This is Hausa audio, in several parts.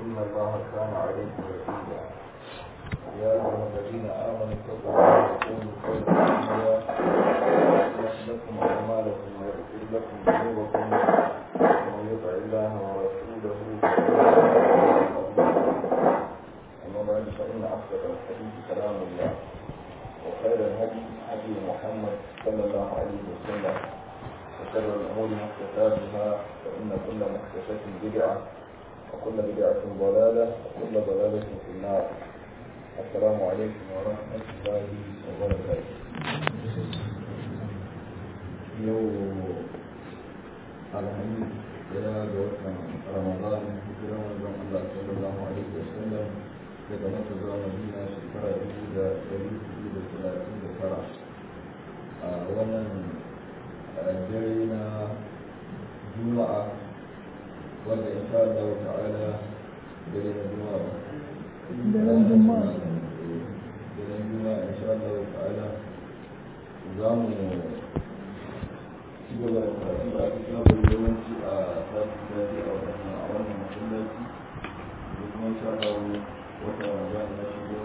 إن الله كان عليكم رقيبا يا أيها الذين آمنوا اتقوا الله وكونوا خيرا قليلا يصلح لكم أعمالكم ويغفر لكم ذنوبكم ومن يطع الله ورسوله أما بعد فإن أصدق الحديث كلام الله وخير الهدي هدي محمد صلى الله عليه وسلم وشر الأمور محدثاتها فإن كل محدثة بدعة وكل بدعة ضلالة وكل ضلالة في النار السلام عليكم ورحمة الله وبركاته يوم الحميد يا رمضان رمضان صلى الله عليه وسلم ومن جمعة ولا إن شاء الله تعالى بلد الجمعة بلد الجمعة بلد الجمعة إن شاء الله تعالى زام شغل كتاب اليوم في أساس ذاتي أو أثناء أول مسلاتي بكم إن شاء الله وتعالى نشكر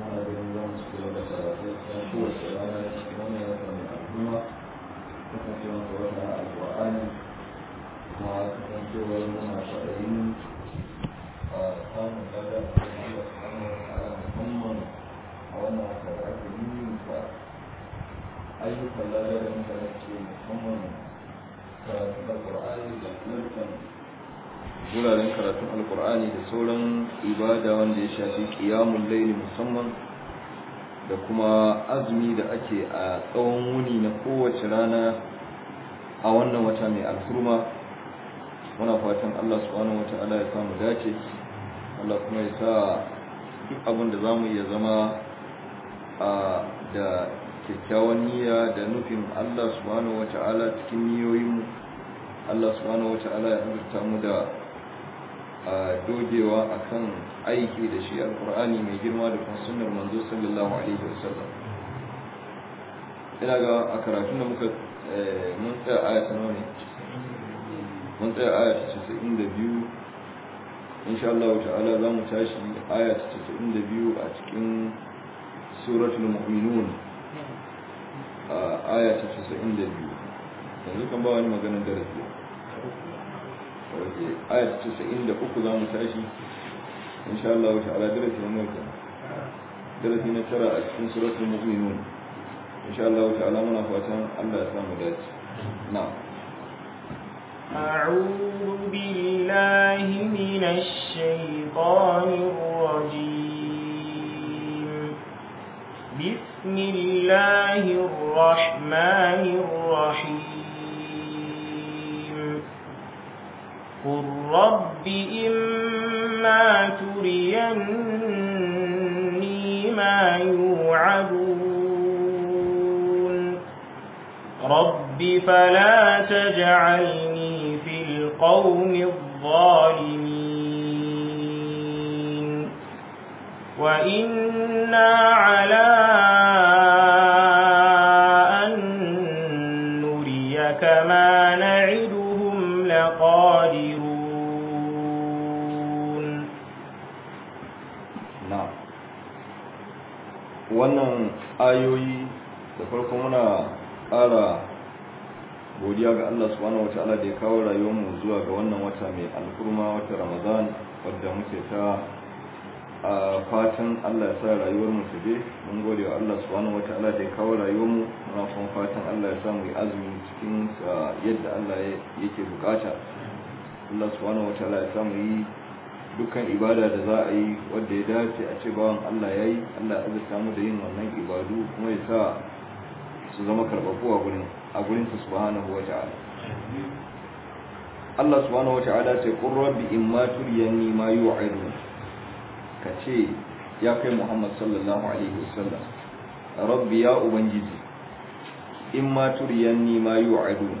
ما بين يوم سكولة ثلاثة شهور سلامة وانا يتمنى الجمعة وكما سمعت وجهها القرآن kuma kasancewar muna samun a da musamman a wannan musamman da wuraren karatun alƙur'ani da sauran ibada wanda ya shafi ƙiyamun laili musamman da kuma azumi da ake a tsawon wuni na kowace rana a wannan wata mai alfurma muna fatan Allah subhanahu wata'ala ya samu dace Allah kuma ya sa duk abin da zamu iya zama a da kyakkyawan niyya da nufin Allah subhanahu wata'ala cikin niyoyin Allah subhanahu wata'ala ya azurta mu da a dogewa akan aiki da shi alkur'ani mai girma da kuma sunnar manzo sallallahu alaihi wasallam ina ga a karatun da muka eh, mun tsaya aya nawa ne mun tsaya aya ta casa'in da biyu insha Allah ta'ala za mu tashi aya ta casa'in da biyu a cikin suratul mu'minun a aya ta casa'in da biyu yanzu kan ba wani maganin darasi aya ta casa'in da uku za mu tashi insha Allah ta'ala darasi na mulka darasi na tara a cikin suratul mu'minun insha Allah ta'ala muna fatan Allah ya samu dace na'am أعوذ بالله من الشيطان الرجيم بسم الله الرحمن الرحيم قل رب إما تريني ما يوعدون رب فلا تجعلني القوم الظالمين وإنا على أن نريك ما نعدهم لقادرون نعم wannan ayoyi da farko muna ƙara godiya ga Allah subhanahu ta'ala da ya kawo rayuwarmu zuwa ga wannan wata mai alkurma wata Ramadan wadda muke ta a fatan Allah ya sa rayuwarmu ta je mun gode wa Allah subhanahu ta'ala da ya kawo rayuwarmu muna kuma fatan Allah ya sa mu yi azumi cikin yadda Allah yake bukata Allah subhanahu ta'ala ya sa mu yi dukkan ibada da za a yi wadda ya dace a ce bawan Allah ya yi Allah ya azurta mu da yin wannan ibadu kuma ya sa su zama karɓaɓɓu a gurin a gurin sa subhanahu wa ta'ala Allah subhanahu wa ta'ala sai qur rabbi imma ni ma Ka ce, ya kai Muhammad sallallahu alaihi wasallam rabbi ya ubangiji imma turiyani ma yu'idun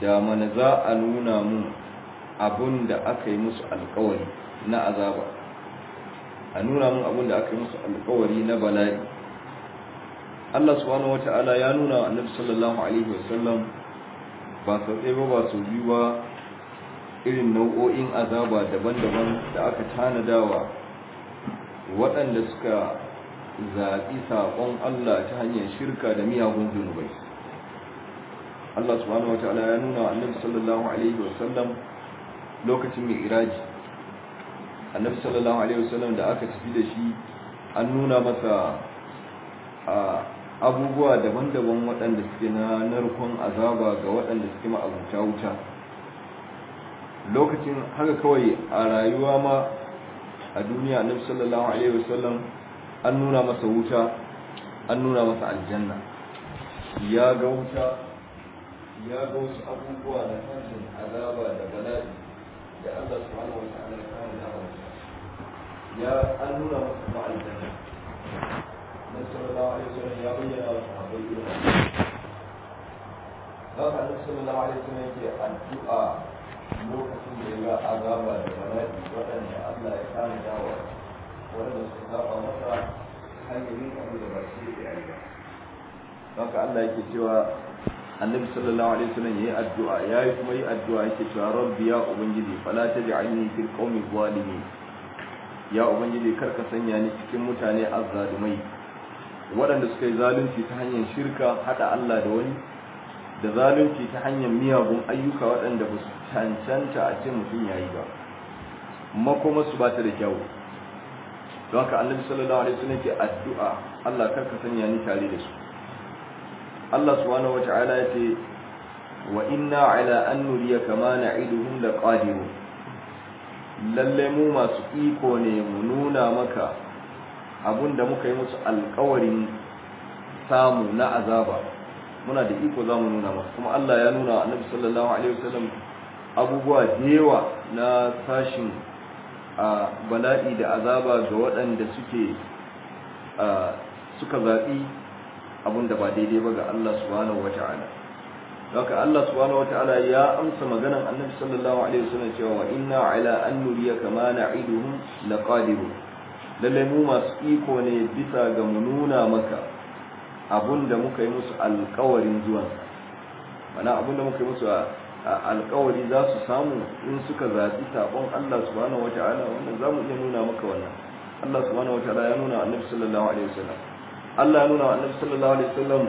da mana za a nuna mu abun da aka yi musu alkawari na azaba a nuna mun abun da aka yi musu alkawari na bala'i Allah subhanahu wata'ala ya nuna wa annabi sallallahu alaihi wasallam ba sau ɗaya ba ba sau biyu ba irin nau'o'in azaba daban-daban da aka tanadawa waɗanda suka zaɓi saƙon Allah ta hanyar shirka da miyagun zunubai Allah subhanahu wata'ala ya nuna wa annabi sallallahu alaihi wasallam lokacin mai iraji annabi sallallahu alaihi wasallam da aka tafi da shi an nuna masa a abubuwa daban-daban waɗanda suke na narkon azaba ga waɗanda suke ma'abuta wuta lokacin haka kawai a rayuwa ma a duniya na sallallahu alaihi wasallam an nuna masa wuta an nuna masa aljanna ya ga wuta ya ga wasu abubuwa na hannun azaba da bala'i da Allah su hana wata ya ya an nuna masa aljanna ya bayyana addu'a lokacin da ya ga azaba waɗanda Allah ya waɗanda suka saba masa hanyoyin abu da ba shi haka Allah yake cewa annabi sallallahu alaihi wasallam yayi addu'a yayi kuma yi addu'a yake cewa rabbi ya ubangiji fala taj'alni fil qawmi zalimin ya ubangiji kar ka sanya ni cikin mutane azzalumai waɗanda suka yi zalunci ta hanyar shirka haɗa Allah da wani da zalunci ta hanyar miyagun ayyuka waɗanda ba su cancanta a ce mutum ya yi ba makoma su ba ta da kyau don ka annabi sallallahu alaihi wasallam ke addu'a Allah kar ka sanya ni tare da su Allah subhanahu wata'ala ya ce wa inna ala an nuriya kama na'iduhum laqadirun lalle mu masu iko ne mu nuna maka abinda muka yi musu alkawarin samu na azaba muna da iko zamu nuna masu kuma Allah ya nuna wa Annabi sallallahu alaihi wasallam abubuwa da yawa na a bala'i da azaba ga waɗanda suke suka zaɓi abinda ba daidai ba ga Allah subhanahu wata'ala haka Allah subhanahu wata'ala ya amsa maganar Annabi sallallahu alaihi wasallam cewa inna ala an nuriyaka ma na'iduhum laqadirun lalle mu masu iko ne bisa ga mu nuna maka abun da muka yi musu alkawarin zuwa. mana abun da muka yi musu alkawari za su samu in suka zaɓi saɓon Allah subhanahu wata'ala wannan za mu iya nuna maka wannan Allah subhanahu wata'ala ya nuna annabi sallallahu alaihi wasallam Allah ya nuna annabi sallallahu alaihi wasallam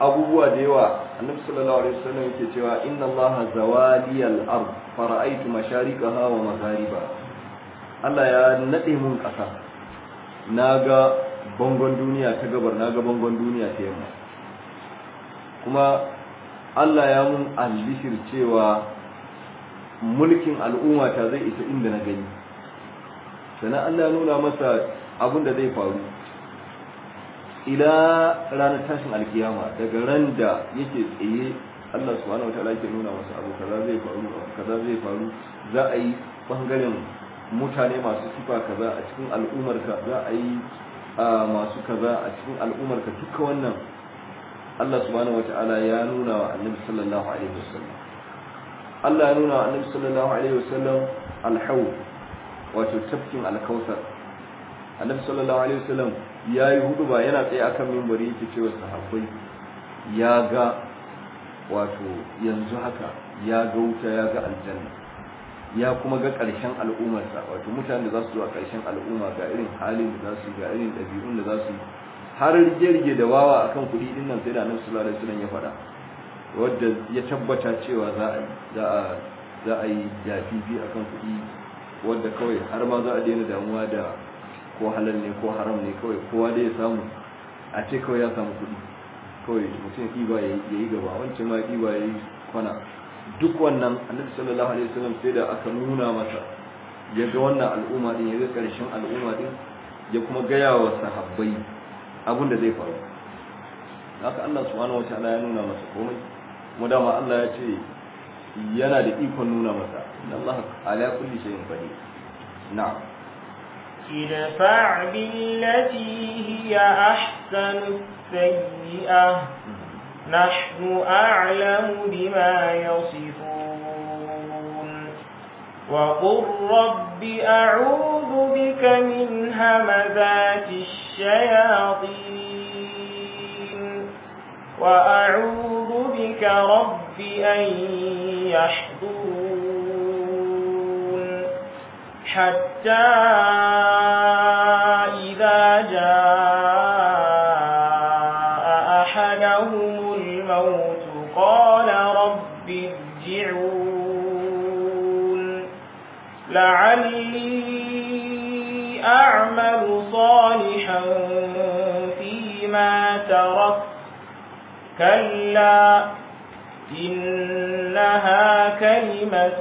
abubuwa da yawa annabi sallallahu alaihi wasallam yake cewa inna allaha zawaliyal ard fara'aytu mashariqaha wa magharibaha Allah ya nade mun ƙasa naga bangon duniya ta gabar naga bangon duniya ta yamma kuma Allah ya mun alishir cewa mulkin al'umma ta zai isa inda na gani sannan Allah ya nuna masa abin da zai faru ila ranar tashin alkiyama daga ran da yake tsaye Allah subhanahu wataala yake nuna masa abu kaza zai faru kaza zai faru za a yi bangaren mutane masu sifa kaza a cikin al'ummar ka za a yi masu kaza a cikin al'ummar ka duka wannan Allah subhanahu wataala ya nuna wa Annabi sallallahu alaihi wasallam Allah ya nuna wa Annabi sallallahu alaihi wasallam al-hawl wato tafkin al-kautsar Annabi sallallahu alaihi wasallam yayi huduba yana tsaye akan minbari yake cewa sahabbai ya ga wato yanzu haka ya ga wuta ya ga aljanna ya kuma ga ƙarshen al'ummarsa wato mutane da za su zo a ƙarshen al'umma ga irin halin da za su ga irin ɗabi'un da za su har rige-rige da wawa akan kuɗi din nan sai da nan sallallahu alaihi wasallam ya faɗa wadda ya tabbata cewa za a za a za a yi kuɗi wadda kawai har ma za a daina damuwa da ko halal ne ko haram ne kawai kowa da ya samu a ce kawai ya samu kuɗi kawai mutum ya yi gaba wancan ma ɗiba ya yi kwana duk wannan annabi sallallahu alaihi wasallam sai da aka nuna masa ya ga wannan al'umma din ya ga karshen al'umma din ya kuma gaya wa sahabbai abin da zai faru haka Allah subhanahu wataala ya nuna masa komai kuma dama Allah ya ce yana da ikon nuna masa inna Allah ala kulli shay'in qadir na'am idfa' billati hiya ahsanu sayyi'ah hmm. نحن أعلم بما يصفون وقل رب أعوذ بك من همذات الشياطين وأعوذ بك رب أن يحضرون حتى إذا جاء لعلي أعمل صالحا فيما ترك كلا إنها كلمة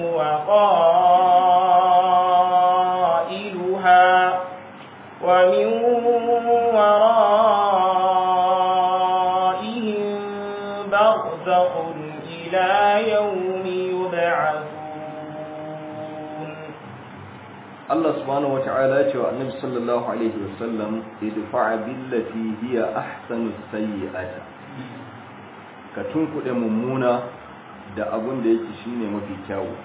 هو قائلها ومن وراء Allah subhanahu wata'ala ya ce wa annabi sallallahu alaihi wasallam idfa'a billati hiya ahsanu sayyi'ata ka tunkuɗe mummuna da abun da yake shine mafi kyawu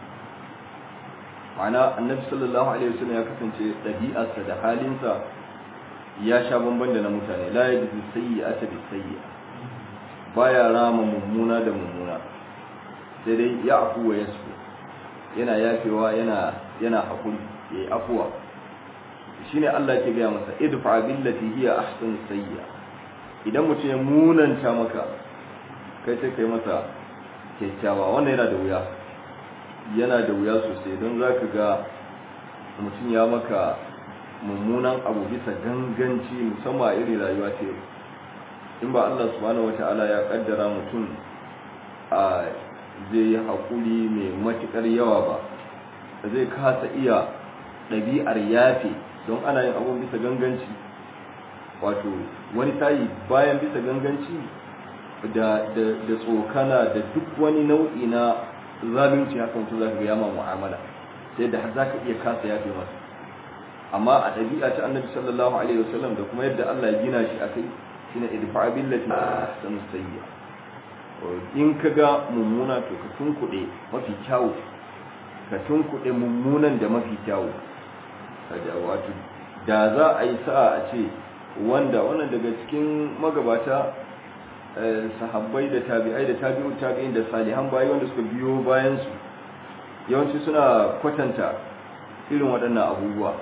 ma'ana annabi sallallahu alaihi sallam ya kasance ɗabi'arsa da halinsa ya sha bamban da na mutane la yajidu sayyi'ata bi sayyi'a baya rama mummuna da mummuna sai dai ya'fu wa yasfu yana yafewa yana yana hakuri ya afuwa shine Allah ke gaya masa idfa billati hiya ahsan sayya idan mutum ya munanta maka kai sai kai masa kyakkyawa wannan yana da wuya yana da wuya sosai don za ka ga mutum ya maka mummunan abu bisa ganganci musamman irin rayuwa ce in ba Allah subhanahu wataala ya kaddara mutum a zai yi hakuri mai matuƙar yawa ba zai kasa iya ɗabi'ar yafe don ana yin abun bisa ganganci wato wani tayi bayan bisa ganganci da da tsokana da duk wani nau'i na zalunci haka mutum zaka ga yama mu'amala sai da har zaka iya kasa yafe masa amma a ɗabi'a ta annabi sallallahu alaihi wasallam da kuma yadda Allah ya gina shi akai shine idfa billati ahsanu sayyi'a in kaga mummuna to ka tunkuɗe mafi kyawu ka tunkuɗe mummunan da mafi kyawu wato da za a yi sa'a a ce wanda wannan daga cikin magabata eh, sahabbai da tabi'ai da tabi'u tabi'in da salihan bayi wanda suka biyo bayansu yawanci suna kwatanta irin waɗannan abubuwa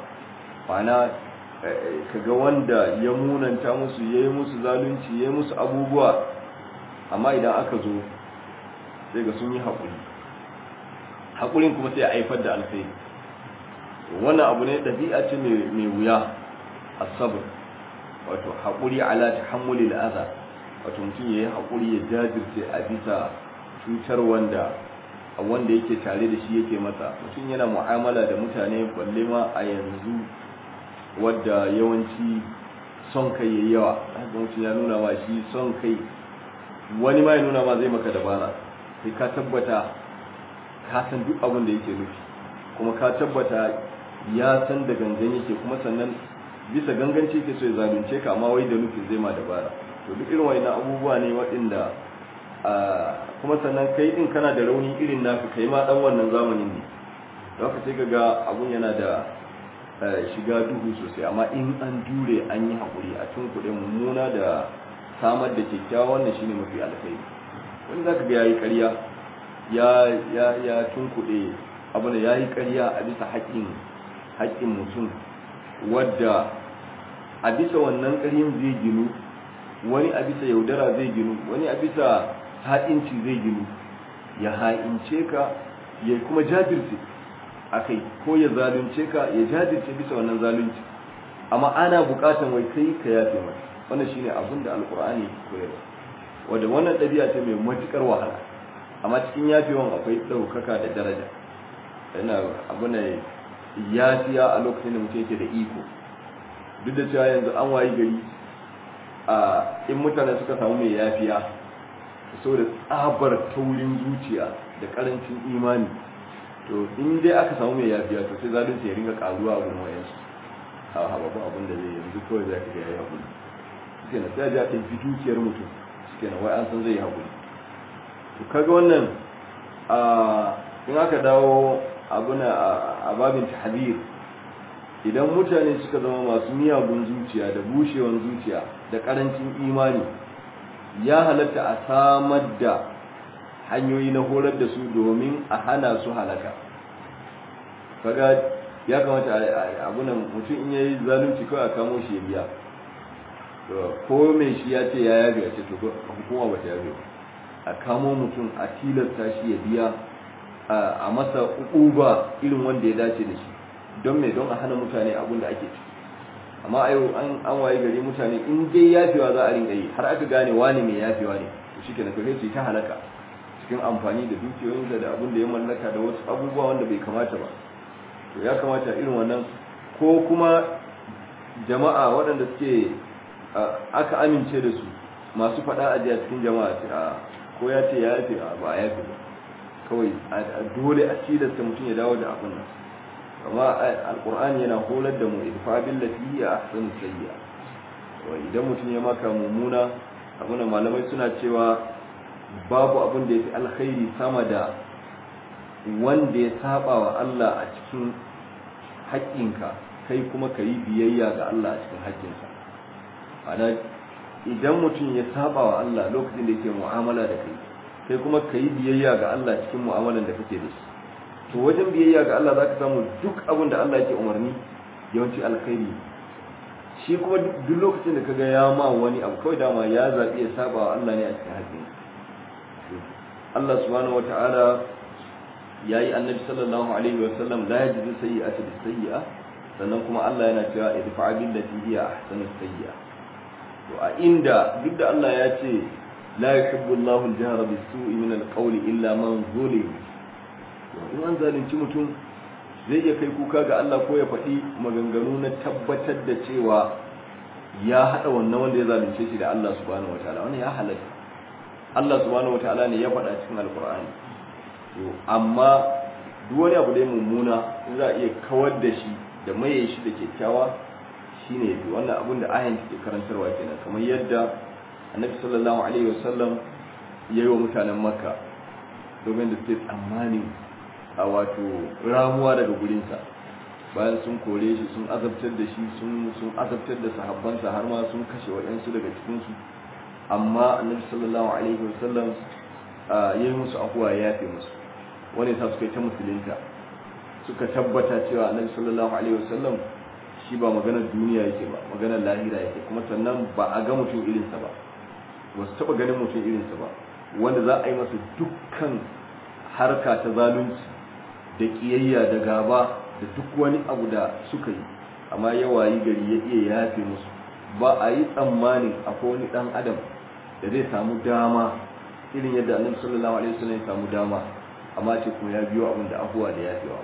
ba eh, kaga wanda ya munanta musu ya yi musu zalunci ya yi musu abubuwa amma idan aka zo sai ga sun yi haƙuri haƙurin kuma sai a haifar da alfai wannan abu ne ɗabi'a ce mai wuya a sabr wato haƙuri ala tahammulil aza wato mutum ya yi haƙuri ya jajirce a bisa cutar wanda wanda yake tare da shi yake masa mutum yana mu'amala da mutane balle ma a yanzu wadda yawanci son kai ya yawa haka mutum ya nuna ma shi son kai wani ma ya nuna ma zai maka dabara sai ka tabbata ka san duk abin da yake nufi kuma ka tabbata ya san da gangan yake kuma sannan bisa ganganci ke so ya zalunce ka amma wai da nufin zai ma dabara to duk irin wayannan abubuwa ne waɗanda kuma sannan kai din kana da rauni irin naka kai ma dan wannan zamanin ne don ka sai ga abun yana da shiga duhu sosai amma in an jure an yi haƙuri a tun kuɗin mummuna da samar da kyakkyawa wannan shine mafi alkhairi wani za ka ga yayi ƙarya ya ya tun kuɗe abu da yayi ƙarya a bisa haƙƙin haƙƙin mutum wadda a bisa wannan ƙaryin zai ginu wani a bisa yaudara zai ginu wani a bisa haɗinci zai ginu ya ha'ince ka ya kuma jajirce a kai ko ya zalunce ka ya jajirce bisa wannan zalunci amma ana buƙatan wai kai ka yafe mai wannan shine abin da alƙur'ani ya koyarwa wannan ɗabi'a ce mai matuƙar wahala amma cikin yafewan akwai ɗaukaka da daraja yana abu ne yafiya a lokacin da mutum yake da iko duk da cewa yanzu an wayi gari a in mutane suka samu mai yafiya saboda tsabar taurin zuciya da karancin imani to in dai aka samu mai yafiya to sai zalunci ya ringa karuwa a gurin wayansu ha hababin abin da zai yanzu kawai za ka ga ya haƙuri suke na sai ya ta fi dukiyar mutum suke na wai an san zai yi haƙuri to kaga wannan a in aka dawo abuna a babin tahdir idan mutane suka zama masu miyagun zuciya da bushewan zuciya da karancin imani ya halatta a samar da hanyoyi na horar da su domin a hana su halaka kaga ya kamata abunan mutum in yayi zalunci kawai a kamo shi ya biya ko mai shi ya ce ya yabe a ce to hukuma ba ta yabe a kamo mutum a tilasta shi ya biya a masa uba irin wanda ya dace da shi don mai don a hana mutane abin da ake ciki amma a yau an waye gari mutane in dai yafewa za a ringa yi har aka gane wani mai yafewa ne to shi na kare su ta halaka cikin amfani da dukiyoyinsa da abin da ya mallaka da wasu abubuwa wanda bai kamata ba to ya kamata irin wannan ko kuma jama'a waɗanda suke aka amince da su masu faɗa ajiya cikin jama'a ko ya ce ya yafe ba a yafe ba kawai dole a ta mutum ya dawo da abin nan amma alkur'ani yana holar da mu abin billati ya ahsanu sayya wa idan mutum ya maka mummuna abin malamai suna cewa babu abin da yafi alkhairi sama da wanda ya saba wa Allah a cikin haƙƙinka kai kuma ka yi biyayya ga Allah a cikin haƙƙinsa ana idan mutum ya saba wa Allah lokacin da yake mu'amala da kai sai kuma ka yi biyayya ga Allah cikin mu'amalan da kake da shi to wajen biyayya ga Allah za ka samu duk abin da Allah yake umarni yawanci alkhairi shi kuma duk lokacin da ka ga ya ma wani abu kawai dama ya zaɓi ya saba wa Allah ne a cikin haƙƙin Allah subhanahu wata'ala ya yi annabi sallallahu alaihi wa sallam la yajidu sayyi'ata bi sayyi'a sannan kuma Allah yana cewa idfa'a billati hiya ahsanu sayyi'a to a inda duk da Allah ya ce لا يحب الله الجهر بالسوء من القول إلا من ظلم in an zalunci mutum zai iya kai kuka ga Allah ko ya faɗi maganganu na tabbatar da cewa ya haɗa wannan wanda ya zalunce shi da Allah subhanahu wataala wannan ya halatta Allah subhanahu wataala ne ya faɗa cikin alkur'ani amma duk wani abu da ya mummuna za a iya kawar da shi da maye shi da kyakkyawa shine wannan abin da ayan ke karantarwa kenan kamar yadda annabi sallallahu alaihi wasallam ya yi wa mutanen makka domin da suke tsammani a wato ramuwa daga gurinsa bayan sun kore shi sun azabtar da shi sun azabtar da sahabbansa har ma sun kashe waɗansu daga cikinsu amma annabi sallallahu alaihi wasallam ya yi musu afuwa ya yafe musu wani sa suka yi ta musulunta suka tabbata cewa annabi sallallahu alaihi wasallam shi ba maganar duniya yake ba maganar lahira yake kuma sannan ba a ga mutum irinsa ba ba su taɓa ganin mutum irinsa ba wanda za a yi masa dukkan harka ta zalunci da kiyayya da gaba da duk wani abu da suka yi amma yi gari ya iya yafe musu ba a yi tsammanin akwai wani dan adam da zai samu dama irin yadda annabi sallallahu alaihi wasallam ya samu dama amma ce kuma ya biyo abin da abuwa da yafewa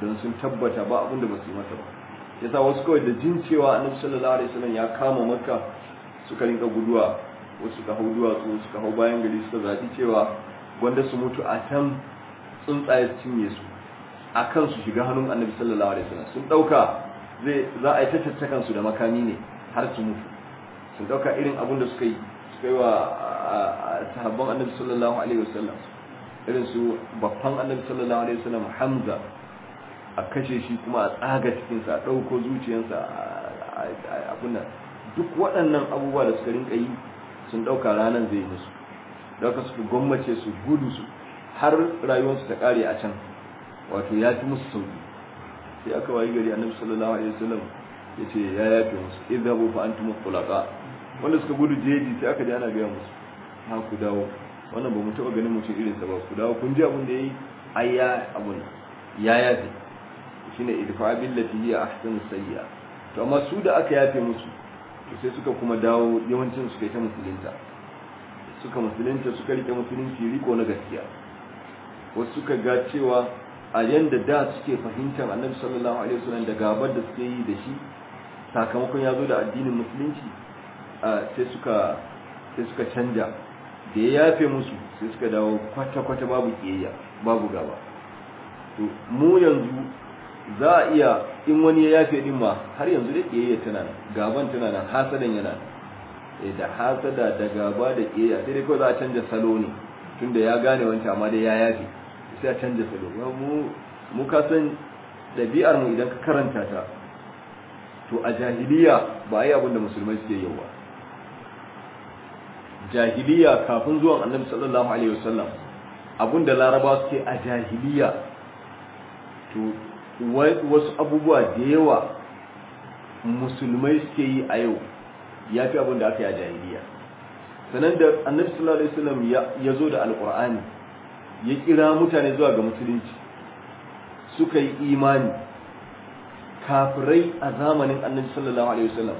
don sun tabbata ba abin da ba su yi masa ba yasa wasu kawai da jin cewa annabi sallallahu alaihi wasallam ya kama makka suka rinka guduwa wasu ka hau duwatsu wasu ka hau bayan gari suka zafi cewa gwanda su mutu a can tsuntsaye su cinye su a kan su shiga hannun annabi sallallahu alaihi wasallam sun dauka zai za a yi tattattakan su da makami ne har su mutu sun dauka irin abin da suka yi suka yi wa sahabban annabi sallallahu alaihi wasallam irin su babban annabi sallallahu alaihi wasallam Hamza a kashe shi kuma a tsaga cikinsa a ɗauko zuciyarsa a abun nan duk waɗannan abubuwa da suka rinka yi sun ɗauka ranar zai su dauka suka gwammace su gudu su har rayuwarsu ta ƙare a can wato ya fi musu sauki sai aka wayi gari annabi sallallahu alaihi wasallam ya ce ya yafe musu idhabu fa antum khulaqa wanda suka gudu jeji sai aka ji ana gaya musu ha ku dawo wannan ba mu taɓa ganin mutum irin sa ba ku dawo kun ji abin da yayi ayya ya abun ya yafe shine idfa billati hiya ahsanu sayya to amma su da aka yafe musu sai suka kuma dawo yawancin suka yi ta musulunta suka musulunta suka rike musulunci riko na gaskiya wasu suka ga cewa a yanda da suke fahimtar annabi sallallahu alaihi wasallam da gabar da suke yi da shi sakamakon ya zo da addinin musulunci sai suka sai suka canja da ya yafe musu sai suka dawo kwata-kwata babu kiyayya babu gaba to mu yanzu za a iya in wani ya yafe din ma har yanzu da ƙiyayya tana nan gaban tana nan hasadan yana nan eh, da hasada da gaba da ƙiyayya sai dai kawai za a canja salo ne tunda ya gane wancan amma dai ya yafe sai a canja salo mu mu ka san ɗabi'ar mu idan ka karanta ta to a jahiliya ba a yi abin da musulmai suke yi ba jahiliya kafin zuwan annabi sallallahu alaihi wasallam abin da laraba suke a jahiliya to wasu abubuwa da yawa musulmai suke yi a yau ya fi abin da aka yi a jahiliya sanan da annabi sallallahu alaihi wasallam ya zo da alkur'ani ya kira mutane zuwa ga musulunci suka yi imani kafirai a zamanin annabi sallallahu alaihi wasallam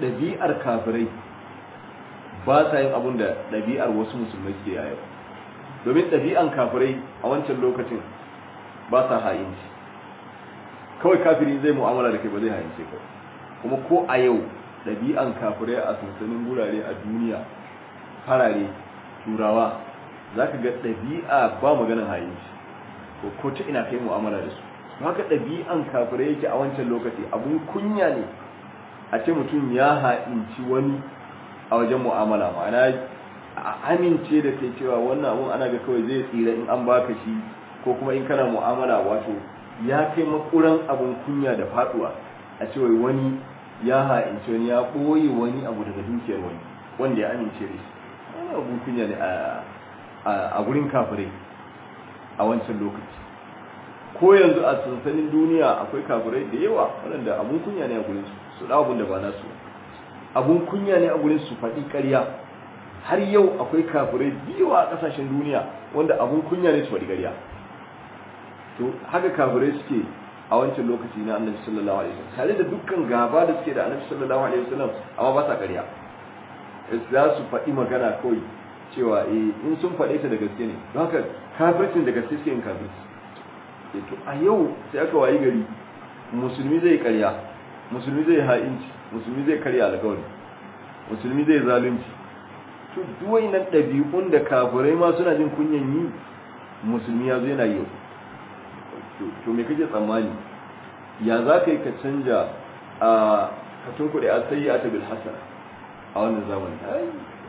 ɗabi'ar kafirai ba sa yin abin da ɗabi'ar wasu musulmai suke yau domin ɗabi'an kafirai a wancan lokacin ba sa ha'inci kawai kafiri zai mu'amala da kai ba zai hayance ka kuma ko a yau ɗabi'an kafirai a sansanin gurare a duniya farare turawa za ka ga ɗabi'a ba maganin hayance ko ko ta ina kai mu'amala da su haka ɗabi'an kafirai yake a wancan lokaci abun kunya ne a ce mutum ya ha'inci wani a wajen mu'amala ma'ana a amince da kai cewa wannan abun ana ga kawai zai tsira in an baka shi ko kuma in kana mu'amala wato ya kai makuran abin kunya da faduwa a wai wani ya haince wani ya koyi wani abu daga dukiyar wani wanda ya amince da shi wani abin kunya ne a gurin kafirai a wancan lokaci ko yanzu a sansanin duniya akwai kafirai da yawa waɗanda abun kunya ne a gurin su su abun da ba nasu abun kunya ne a gurin su faɗi ƙarya har yau akwai kafirai biyu a ƙasashen duniya wanda abun kunya ne su faɗi ƙarya to haka kafirai suke a wancan lokaci na annabi sallallahu alaihi wasallam tare da dukkan gaba da suke da annabi sallallahu alaihi wasallam amma ba sa ƙarya za su faɗi magana kawai cewa eh in sun faɗe ta da gaske ne don haka kafircin da gaske suke yin kafirci eh to a yau sai aka wayi gari musulmi zai ƙarya musulmi zai ha'inci musulmi zai karya alƙawari musulmi zai zalunci to duwai nan ɗabi'un da kafirai ma suna jin kunyan yi musulmi ya zo yana yi to me kake tsammani ya za ka yi ka canja a katun kuɗi a sayi a tabi hasara a wannan zamani ai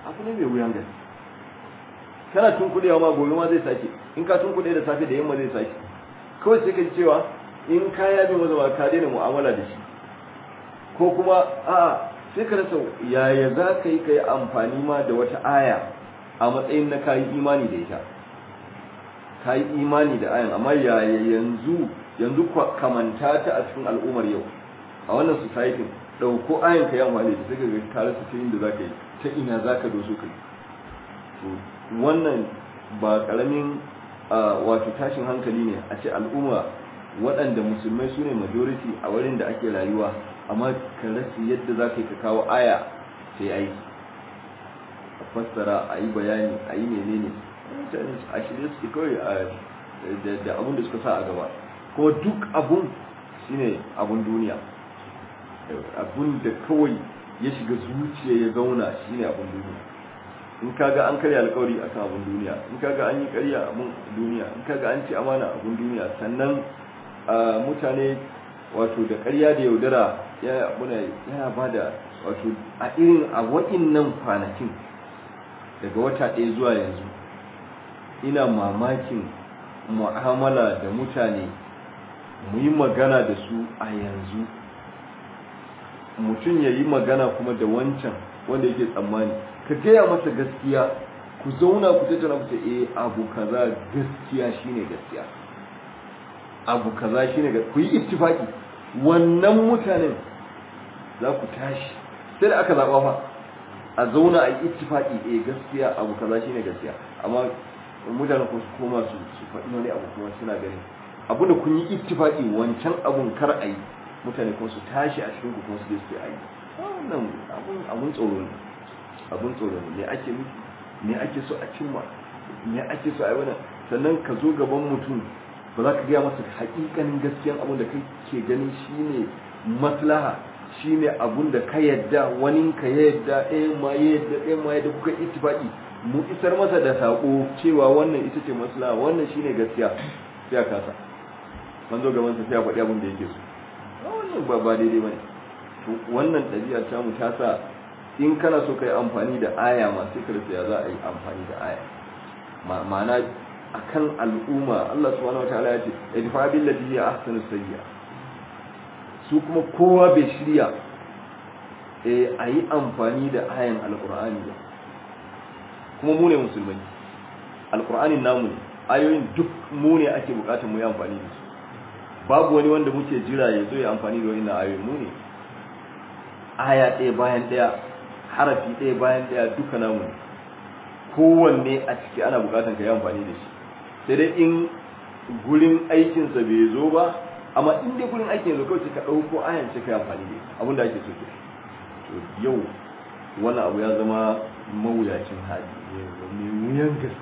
abu ne mai wuyan gani kana tun kuɗi ma gobe ma zai sake in ka tun kuɗi da safe da yamma zai sake kawai sai ka ji cewa in ka yabi ba ka daina mu'amala da shi ko kuma a sai ka rasa yaya za ka yi ka yi amfani ma da wata aya a matsayin na kayi imani da ita ka yi imani da ayan amma yaya yanzu yanzu kamanta ta a cikin al'ummar yau a wannan society ɗauko ayan ka yamma ne ta ga ka rasa da za ka yi ta ina za zaka doso kai wannan ba karamin wato tashin hankali ne a ce al'umma waɗanda musulmai su ne majority a wurin da ake rayuwa amma ka rasu yadda za ka yi ka kawo aya sai aiki a fassara a yi bayani a yi menene mutane a shirye suke kawai da abin da suka sa a gaba ko duk abun shine abun duniya abun da kawai ya shiga zuciya ya zauna shine abun duniya in kaga an karya alkawari akan abun duniya in kaga an yi karya abun duniya in kaga an ci amana abun duniya sannan mutane wato da karya da yaudara ya abuna yana bada wato a irin a wa'innan kwanakin daga wata ɗaya zuwa yanzu ina mamakin mu'amala da mutane mu yi magana da su a yanzu mutum ya yi magana kuma da wancan wanda yake tsammani ka gaya masa gaskiya ku zauna ku tattara ku e abu kaza gaskiya shine gaskiya abu kaza shine ku yi ittifaki wannan mutanen za ku tashi sai da aka zaba fa a zauna a yi ittifaki e gaskiya abu kaza shine gaskiya amma mutane ko su koma su su faɗi wani abu kuma suna gani abu da kun yi ittifaki wancan abun kar a yi mutane ko su tashi a cikin ku kuma su je su ayi wannan abun abun tsoro ne abun tsoro ne me ake me ake so a cimma me ake so a yi wannan sannan ka zo gaban mutum ba za ka gaya masa haƙiƙanin gaskiyan abun da kake ganin shine maslaha shine abun da ka yadda wani ka yadda eh ma yadda eh ma yadda kuka ittifaki mu isar masa da saƙo cewa wannan ita ce maslaha wannan shi ne gaskiya sai a kasa manzo gaban sa sai a faɗi abin da yake so wannan ba ba daidai bane to wannan ɗabi'a ta mu ta sa in kana so kai amfani da aya masu sai ya za a yi amfani da aya ma'ana akan al'umma Allah subhanahu wataala ya ce idfa billati hiya ahsanu sayyi'a su kuma kowa bai shirya eh ayi amfani da ayan alqur'ani ba kuma mu ne musulmai alqur'anin namu ayoyin duk mune ake bukatun mu yi amfani da su babu wani wanda muke jira ya zo ya amfani da wannan ayoyin mu ne aya ɗaya bayan ɗaya harafi ɗaya bayan ɗaya duka namu ne kowanne a ciki ana bukatun ka yi amfani da shi sai dai in gurin aikinsa bai zo ba amma in dai gurin aikin zo kawai ka ɗauko ayan ce ka yi amfani da abin da ake so ke to yau wannan abu ya zama mawuyacin hali mai wuyan gaske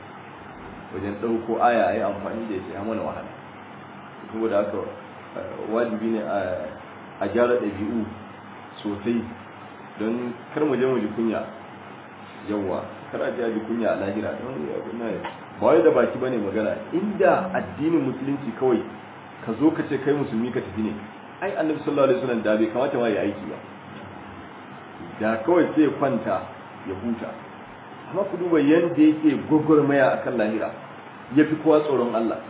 wajen ɗauko aya a yi amfani da ya mana wahala saboda haka eh, wajibi ne a gyara ɗabi'u sosai don kar mu je jikunya kunya yawa kar a ji a ji kunya a lahira don ba wai da baki bane magana inda addinin musulunci kawai ka zo ka ce kai musulmi ka tafi ne ai annabi sallallahu alaihi wasallam da bai kamata ma ya aiki ba da kawai sai kwanta ya huta amma ku duba yanda yake gwagwarmaya kan lahira ya fi kowa tsoron Allah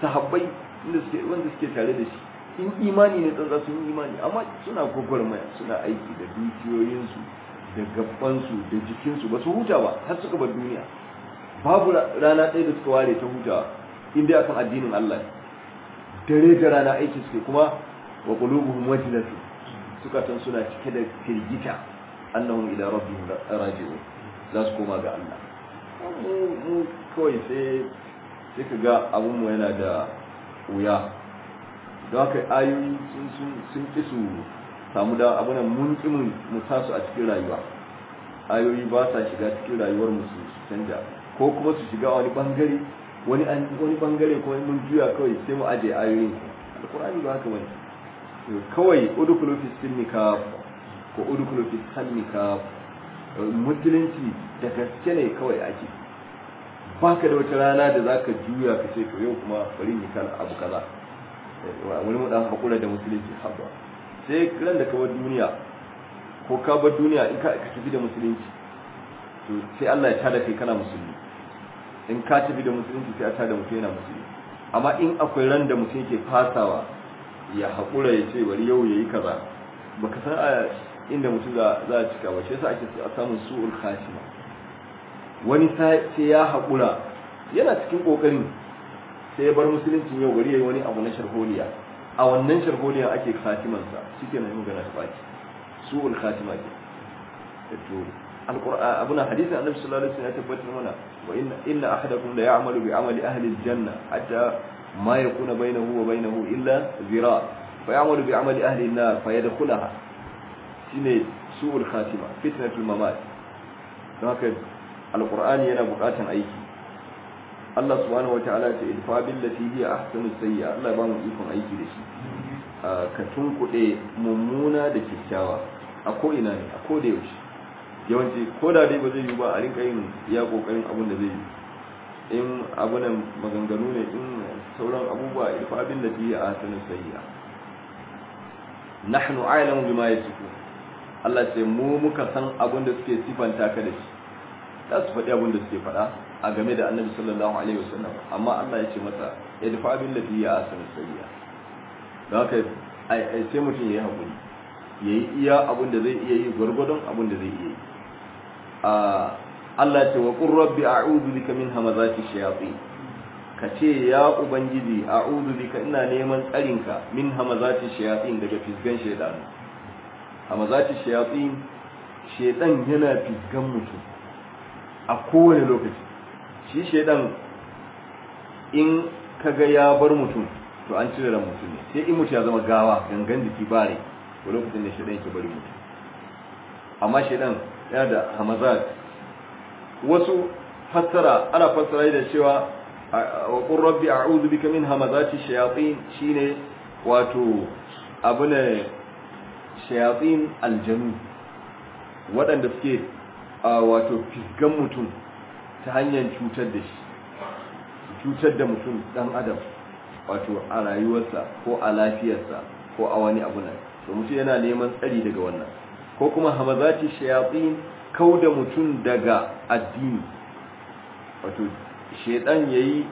sahabbai wanda suke tare da shi in imani ne su sun imani amma suna gwagwarmaya suna aiki da dukiyoyinsu da gabansu da jikinsu ba su huta ba har suka bar duniya babu rana ɗaya da suka ware ta hutawa in dai akan addinin Allah dare da rana aiki suke kuma wa qulubuhum sukatan suna cike da firgita annahum ila rabbihim raji'un za su koma ga Allah mu kawai sai sai ka ga abinmu yana da wuya don haka ayoyi sun ƙi su samu da abin mun ƙi mu tasu a cikin rayuwa ayoyi ba sa shiga cikin rayuwar mu su canja ko kuma su shiga wani bangare wani wani bangare kuma mun juya kawai sai mu aje ayoyin alqur'ani ba haka bane kawai udkhulu fi sinnika ko udkhulu fi sannika musulunci da gaske ne kawai ake Ba ka da wata rana da za ka juya ka ce to yau kuma bari ni kan abu kaza eh, wani mu dan hakura da musulunci haba. sai ran da ka bar duniya ko ka bar duniya in ka tafi da musulunci to sai Allah ya tada kai kana musulmi in ka tafi da musulunci sai a tada mutum yana musulmi amma in akwai ran da mutum yake fasawa ya hakura ya ce bari yau yayi kaza baka san a ah, inda mutum za a cika ba shi yasa ake samun su'ul khatima wani sai ya haƙura yana cikin ƙoƙarin sai ya bar musuluncin yau gari ya yi wani abu na sharholiya a wannan sharholiya ake khatimansa shi ke na yi magana ta baki su'ul khatima ke to abuna hadisin annabi sallallahu alaihi wasallam ya tabbatar mana wa inna inna ahadakum la ya'malu bi amali ahli al-janna hatta ma yakuna bainahu wa bainahu illa zira fa ya'malu bi amali ahli an-nar fa yadkhulaha shine su'ul khatima fitnatul mamat don haka alqur'ani yana bukatan aiki Allah subhanahu wataala ta idfa lati hi ahsanu sayyi'a Allah ba mu ikon aiki da shi ka tunkuɗe mummuna da kyakkyawa a ko ina ne a ko da yaushe yawanci ko da dai ba zai yi ba a rinka yin iya kokarin abin da zai yi in nan maganganu ne in sauran abubuwa ifa abin da fiye a sanin sayya nahnu a'lamu bima yasifun Allah ce mu muka san abin da suke sifanta ka da shi za su faɗi abin da suke faɗa a game da annabi sallallahu alaihi wasallam amma Allah ya ce masa ya dafa abin da ya sanar sariya don haka ai sai mutum yayi hakuri yayi iya abin da zai iya yi gurgurdon abin da zai iya yi a Allah ce wa qur rabbi a'udhu bika min hamazati shayatin ka ce ya ubangiji a'udhu bika ina neman tsarinka min hamazati shayatin daga fisgan shaytanu hamazati shayatin shaidan yana fiskan mutum a kowane lokaci shi shaidan in kaga ya bar mutum to an cire ran mutum ne sai in mutum ya zama gawa gangan jiki bare ko lokacin da shaidan ke bari mutum amma shaidan yana da hamazat wasu fassara ana fassara da cewa wa qur rabbi a'udhu bika min hamazati shayatin shine wato abu ne. shayatin aljanu waɗanda suke a wato fisgan mutum ta hanyar cutar da shi cutar da mutum ɗan adam wato a rayuwarsa ko a lafiyarsa ko a wani abu na mutum yana neman tsari daga wannan ko kuma hamazati shayatin kau da mutum daga addini wato shaidan yi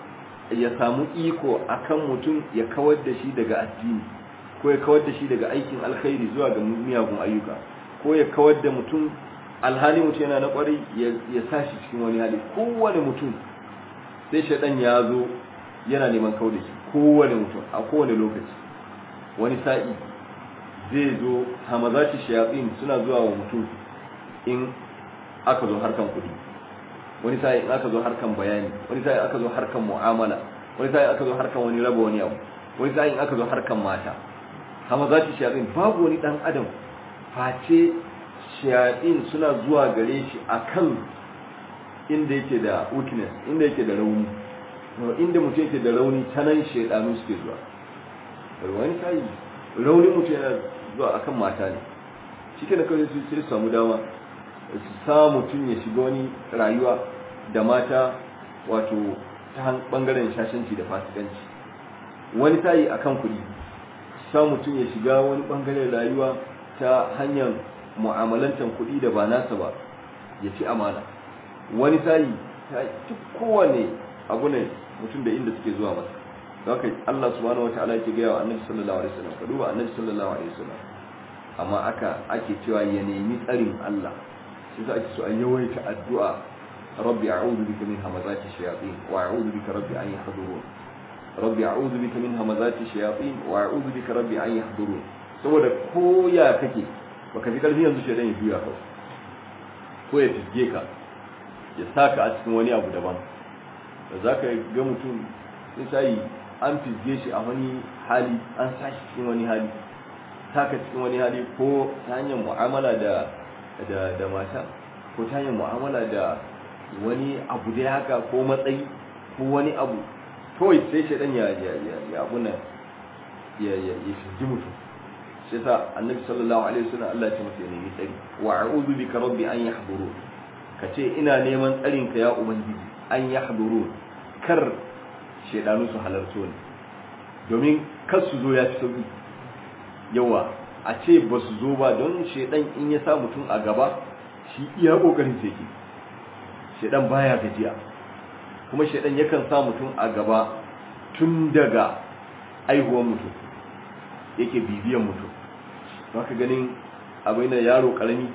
ya samu iko akan mutum ya kawar da shi daga addini ko ya kawar da shi daga aikin alkhairi zuwa ga miyagun ayyuka ko ya kawar da mutum alhali mutum yana na kwari ya sa shi cikin wani hali kowane mutum sai shaɗan ya zo yana neman kawar da shi kowane mutum a kowane lokaci wani sa'i zai zo hamazati shayafin suna zuwa wa mutum in aka zo harkan kuɗi wani sa'i in aka zo harkan bayani wani sa'i aka zo harkan mu'amala wani sa'i aka zo harkan wani raba wani abu wani sa'i in aka zo harkan mata za hamazati shayatin babu wani dan adam face shayatin suna zuwa gare shi akan inda yake da weakness inda yake da rauni inda mutum yake da rauni ta nan shaytanu suke zuwa wani yi rauni mutum yana zuwa akan mata ne ke da kawai sai su samu dama su sa mutum ya shiga wani rayuwa da mata wato ta bangaren shashanci da fasikanci wani ta yi a kan kuɗi sa mutum ya shiga wani bangaren rayuwa ta hanyar mu'amalantar kuɗi da ba nasa ba ya ci amana wani sayi ta ci kowane abu ne mutum da inda suke zuwa masa haka Allah subhanahu wataala yake gaya wa Annabi sallallahu alaihi wasallam ka duba Annabi sallallahu alaihi wasallam amma aka ake cewa ya nemi tsarin Allah shi za ake so a yawaita addu'a rabbi a'udu bika min hamazati shayatin wa a'udu bika rabbi an yahdurun rabbi a'udhu bika min hamazati shayatin wa a'udhu bika rabbi an yahdurun saboda ko ya kake baka ji karfi yanzu shedan yi juya ka ko ya fige ka ya saka a cikin wani abu daban da zaka ga mutum in sai an fige shi a wani hali an sashi cikin wani hali saka cikin wani hali ko ta hanyar mu'amala da da da mata ko ta hanyar mu'amala da wani abu da haka ko matsayi ko wani abu kawai sai shaɗan ya ya ya abuna ya ya ya sai sa annabi sallallahu alaihi wasallam Allah ya ce masa ya nemi tsari wa a'udhu bika rabbi an yahduru ka ce ina neman tsarin ka ya ubangiji an yahduru kar shaidanu su halarto ne domin kar su zo ya fi sauki yawa a ce ba su zo ba don shaɗan in ya sa mutum a gaba shi iya kokarin sai ke shaidan baya gajiya kuma shaidan yakan sa mutum a gaba tun daga aihuwar mutum yake bibiyan mutum ba ka ganin abin da yaro karami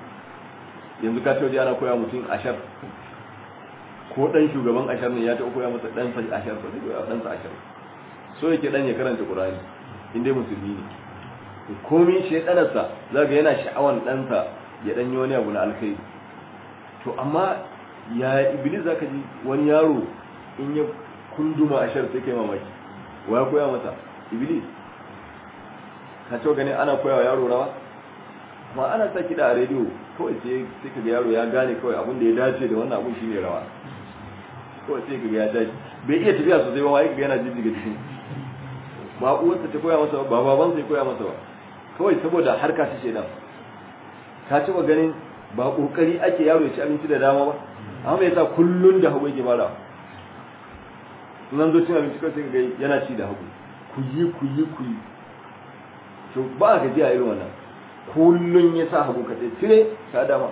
yanzu ka tawaje ana koya mutum ashar ko dan shugaban ashar ne ya ta koya masa dan sa ashar ko ne koya dan sa ashar so yake dan ya karanta qur'ani in dai musulmi ne komai shaidanarsa zaka yana sha'awan dan sa ya dan yi wani abu na alkhairi to amma ya iblis zaka ji wani yaro in ya kunduma a shar sai mamaki wa ya koya mata iblis ka ce ganin ana koya wa yaro rawa Kuma ana sa kiɗa a rediyo kawai sai sai kaga yaro ya gane kawai abin da ya dace da wannan abin ne rawa kawai sai kaga ya dace bai iya tafiya sosai ba ya kaga yana jijjiga jikin ba uwarsa ta koya masa ba baban sai koya masa ba kawai saboda harka ta da. ka taɓa ganin ba ƙoƙari ake yaro ya ci abinci da dama ba amma yasa kullun da hagu yake mara sunan zo cin abinci kawai sai ga yana ci da hagu ku yi ku yi ku yi to ba ka ji a irin wannan kullun ya sa hagu ka sai cire ka dama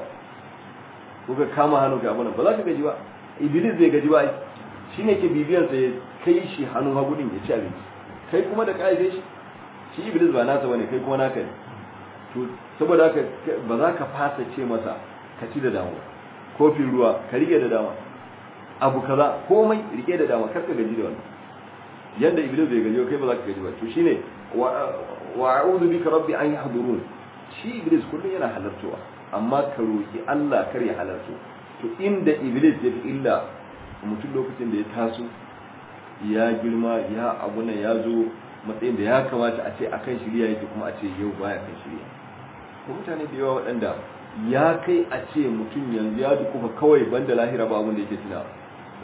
ko ka kama hannu ka abunan ba za ka gaji ba iblis zai gaji ba shi ne ke bibiyan sa ya kai shi hannun hagu din ya ci abinci kai kuma da kaide shi shi iblis ba nasa bane kai kuma naka ne to saboda ba za ka fasa ce masa ka ci da dama. kofin ruwa ka riƙe da dama abu kaza komai rike da dama karka gaji da wannan yanda iblis bai gaji kai ba za ka gaji ba to shine wa a'udhu bika rabbi an yahdurun shi iblis kullun yana halartowa amma ka roki Allah kar ya halarto to inda iblis ya fi illa mutum lokacin da ya taso ya girma ya abuna ya zo matsayin da ya kamata a ce akan shirya yake kuma a ce yau baya kan shirya ko mutane da yawa waɗanda ya kai a ce mutum yanzu ya dukufa kawai banda lahira ba abin da yake tunawa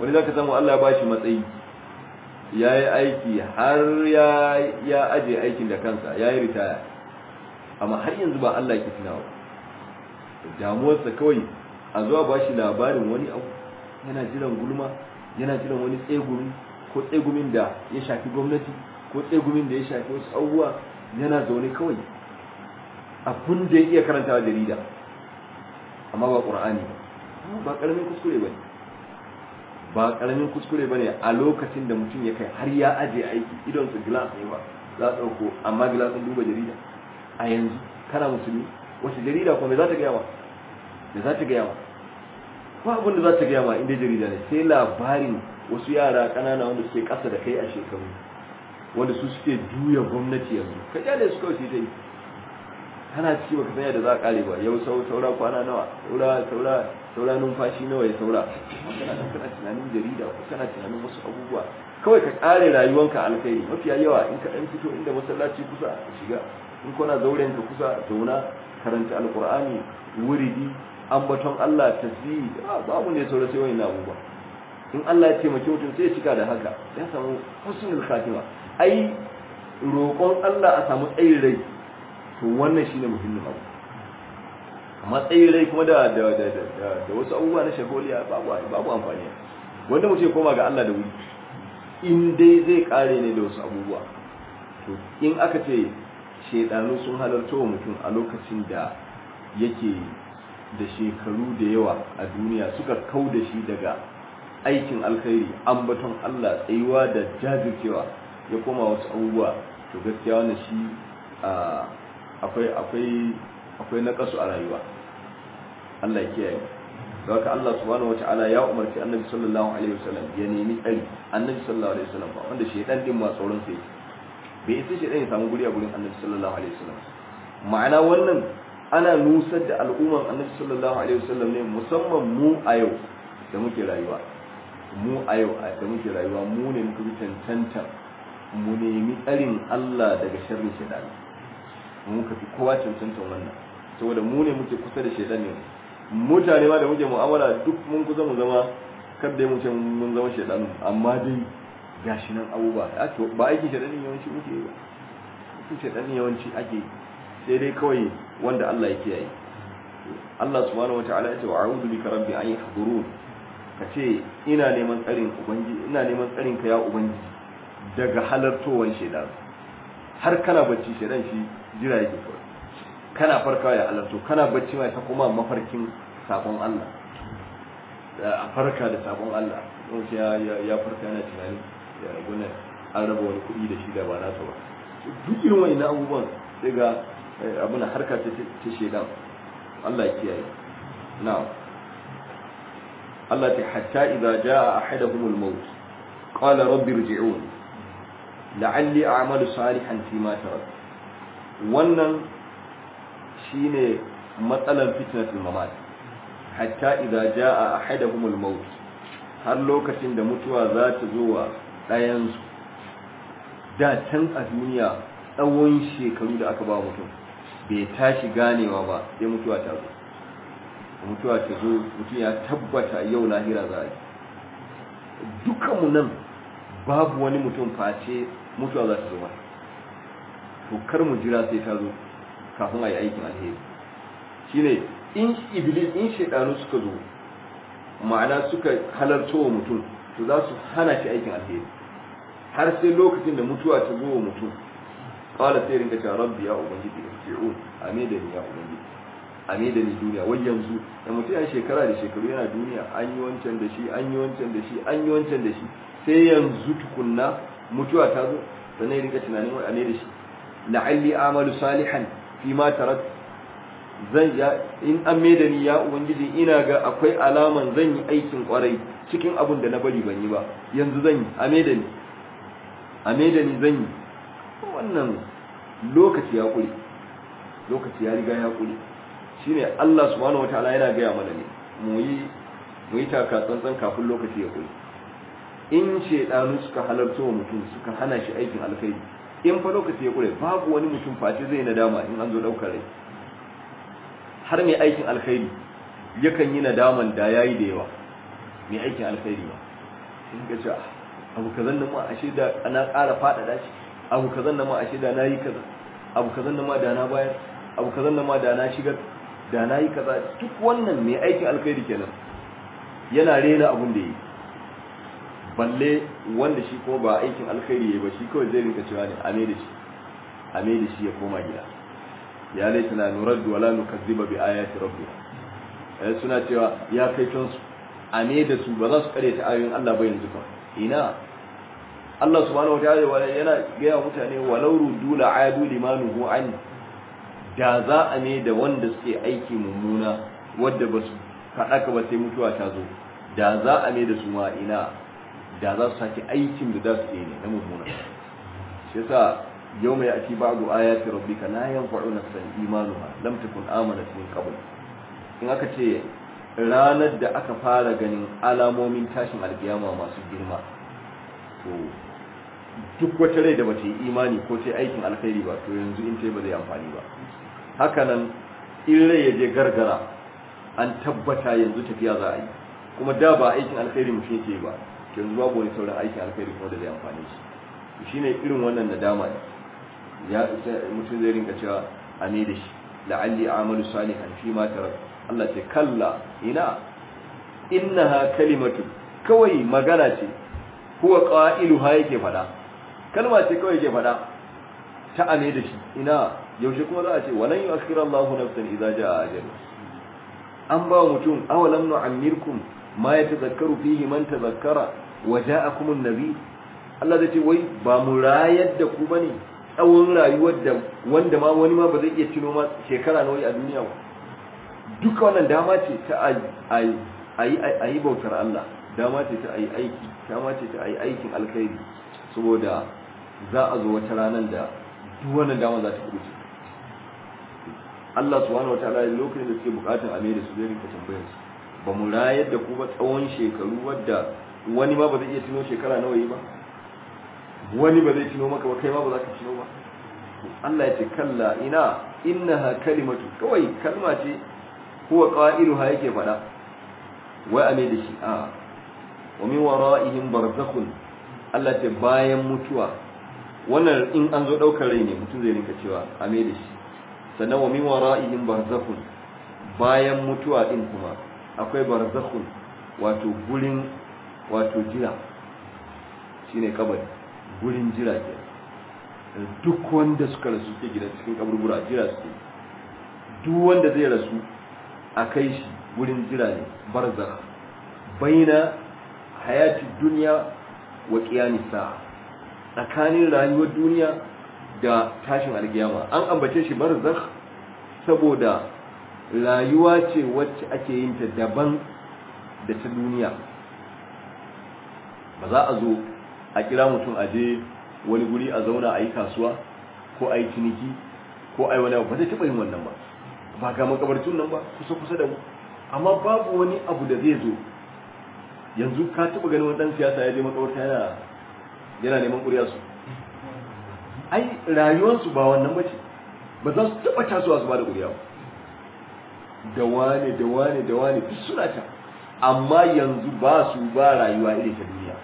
wani za ka samu Allah ba shi matsayi ya yi aiki har ya ya aje aikin da kansa ya yi ritaya amma har yanzu ba Allah ke tunawa damuwarsa kawai a zuwa ba shi labarin wani abu yana jiran gulma yana jiran wani tsegumi ko tsegumin da ya shafi gwamnati ko tsegumin da ya shafi wasu abubuwa yana zaune kawai abin da ya iya karantawa jarida amma ba ƙur'ani ba ba ƙaramin kuskure ba ne ba karamin kuskure bane a lokacin da mutum ya kai har ya aje aiki idon su glass ne ba za su dauko amma glass din duba jarida a yanzu kana musulmi wace jarida kuma za ta gaya ma da za ta gaya ma ba abin da za ta gaya ma inda jarida ne sai labarin wasu yara kanana wanda suke kasa da kai a shekaru wanda su suke juya gwamnati yanzu ka kyale su kawai sai kana ci baka sanya da za a kare ba yau saura kwana nawa saura saura saura numfashi nawa ya saura kana kana tunanin jarida ko kana tunanin wasu abubuwa kawai ka kare rayuwanka alkhairi mafiya yawa in ka dan fito inda masallaci kusa ka shiga in kuna zauren ka kusa zauna karanta alqur'ani wuridi ambaton Allah a babu ne saura sai wani abubuwa in Allah ya taimake mutum sai ya cika da haka ya samu husnul khatima ai roƙon Allah a samu tsayin rai to wannan shine muhimmin abu amma rai kuma da da wasu abubuwa na shagoliya babu babu amfani wanda mutum ya koma ga Allah da wuri in dai zai kare ne da wasu abubuwa to in aka ce shedanu sun halarta wa mutum a lokacin da yake da shekaru da yawa a duniya suka kau da shi daga aikin alkhairi an baton Allah tsayuwa da jajircewa ya koma wasu abubuwa to gaskiya wannan shi ah, akwai akwai akwai kasu a rayuwa Allah ya kiyaye don haka Allah subhanahu ta'ala ya umarci annabi sallallahu alaihi wasallam ya nemi tsari annabi sallallahu alaihi wasallam ba wanda shedan din ma tsoron sai bai isa shedan ya samu guri a gurin annabi sallallahu alaihi wasallam ma'ana wannan ana nusar da al'umman annabi sallallahu alaihi wasallam ne musamman mu a yau da muke rayuwa mu a yau da muke rayuwa mu ne muka tantanta mu nemi tsarin Allah daga sharrin shedan mu ka fi kowa tantantan wannan saboda mu ne muke kusa da shedan ne mutane ma da muke mu'amala duk mun kusa mu zama kar dai mu ce mun zama shaidanu amma dai gashi nan abubuwa ba aikin shaidanin yawanci muke yi ba aikin shaidanin yawanci ake sai dai kawai wanda Allah ya kiyaye Allah subhanahu wataala ya ce wa a'udhu bika rabbi an yahdurun ka ce ina neman tsarin ubangi ina neman tsarin ka ya ubangi daga halartowar shaidan har kana bacci shaidan shi jira yake kawai kana farkawa ya halarto kana bacci mai ta kuma mafarkin sakon Allah a farka da sakon Allah don shi ya farka yana tunani ya gune an raba wani kuɗi da shi da ba nasa ba duk irin wani na abubuwan sai ga eh, abin harka ta shedan Allah ya kiyaye na Allah ta hatta idza jaa ahaduhumul maut qala rabbi rji'un la'alli a'malu salihan fi ma tarak wannan shine matsalan fitnatul mamat hatta idza jaa ahaduhumul maut har lokacin da mutuwa za ta zo wa ɗayan su da can a duniya tsawon shekaru da aka ba mutum bai tashi ganewa ba sai mutuwa ta zo mutuwa ta zo mutum ya tabbata yau lahira za a yi dukanmu nan babu wani mutum face mutuwa za ta zo ba to kar mu jira sai ta zo kafin a yi aikin alheri shi ne in iblis in shaidanu suka zo ma'ana suka halarta wa mutum to za su hana shi aikin alheri har sai lokacin da mutuwa ta zo wa mutum qala sai ringa ta rabbi ya da ubangiji da ni ya da ni duniya wai yanzu da mutum ya shekara da shekaru yana duniya an yi wancan da shi an yi wancan da shi an yi wancan da shi sai yanzu tukunna mutuwa ta zo sannan ringa tunanin wai da shi la'alli amalu salihan fi ma tarat zan ya in an ni ya ubangiji ina ga akwai alaman zan yi aikin kwarai cikin abin da na bari ban yi ba yanzu zan yi a maida ni a ni zan yi wannan lokaci ya kure lokaci ya riga ya kure shine Allah subhanahu wataala yana gaya mana ne mu yi taka tsantsan kafin lokaci ya kure in shedanu suka halarta wa mutum suka hana shi aikin alkhairi in fa lokaci ya kure babu wani mutum faci zai nadama in an zo daukar rai har mai aikin alkhairi yakan yi nadaman da yayi da yawa mai aikin alkhairi ba in ka ce ah, abu kazan nan ma ashe da ana ƙara faɗaɗa shi abu kazan nan ma ashe da na yi kaza abu kazan nan ma da na bayar abu kazan nan ma da na shigar da na yi kaza duk wannan mai aikin alkhairi kenan yana rena abun da yi balle wanda shi ko ba aikin alkhairi ba shi kawai zai rinka cewa ne ame da shi ame da shi ya koma gida ya tana nurar da wala nukazziba bi ayati rabbi. eh suna cewa ya kai su ame da su ba za su kare ta ayoyin Allah ba yanzu ba. ina Allah subhanahu wataala yana gaya mutane walau ruddu la adu limanuhu an da za a ne da wanda suke aiki mummuna wadda ba su ka ba sai mutuwa ta zo da za a ne da su ma ina da za su sake aikin da za su yi ne na mummuna shi yasa yau mai ake ba da ayati rabbika la yanfa'u nafsan imanuha lamta takun amanat min qabl in aka ce ranar da aka fara ganin alamomin tashin alkiyama masu girma to duk wata rai da bata yi imani ko ta aikin alkhairi ba to yanzu in ta ba zai amfani ba hakanan in rai ya je gargara an tabbata yanzu tafiya za a yi kuma da ba aikin alkhairi shi yake ba yanzu babu wani sauran aiki alkhairi kuma da zai amfani shi ne irin wannan nadama ya mutum zai rinka cewa a ne da shi la'alli amalu salihan fi ma tarak Allah ce kalla ina innaha kalimatu kawai magana ce huwa ha yake fada kalma ce kawai yake fada ta ne da shi ina yaushe kuma za a ce walan yu'akhiru Allahu nafsan idza jaa ajalu an ba mutum awalam nu'ammirkum ma yatazakkaru fihi man tazakkara وجاءكم nabi Allah zai ce wai ba mu rayar da ku bane tsawon rayuwar da wanda ma wani ma ba zai iya cino ma shekara wai a duniya ba duka wannan dama ce ta ayi ayi bautar Allah dama ce ta yi aiki dama ce ta yi aikin alkhairi saboda za a zo wata ranar da duk wannan dama za ta kubuce Allah subhanahu wataala lokacin da suke bukatun a da su zai rinka tambayar su ba mu rayar da ku ba tsawon shekaru wadda wani ma ba zai iya tuno shekara nawa yi ba wani ba zai tuno maka ba kai ma ba za ka tuno ba Allah ya ce kalla ina innaha kalimatu kawai kalma ce huwa ha yake fada wai ame da shi a wa min wara'ihim barzakhun Allah ce bayan mutuwa wannan in an zo daukar rai ne mutum zai rinka cewa ame da shi sannan wa min wara'ihim barzakhun bayan mutuwa din kuma akwai barzakhun wato gurin wato jira ne kabari gurin jira ke duk wanda suka rasu ke gina cikin kaburbura jira suke duk wanda zai rasu a kai shi gurin jira ne barzakh baina hayati duniya wa nisa, tsakanin rayuwar duniya da tashin alkiyama an ambace shi barzak saboda rayuwa ce wacce ake yin ta daban da ta duniya ba za a zo a kira mutum a je wani guri a zauna a yi kasuwa ko a yi ciniki ko a yi wani ba zai taɓa yin wannan ba ba ga makabarcin nan ba kusa kusa da mu amma babu wani abu da zai zo yanzu ka taɓa ganin wani ɗan siyasa ya je makabarta yana yana neman ƙuriya su ai rayuwarsu ba wannan bace ba za su taɓa tasowa su ba da ƙuriya ba da wane da wane da wane duk suna ta amma yanzu ba su ba rayuwa iri ta duniya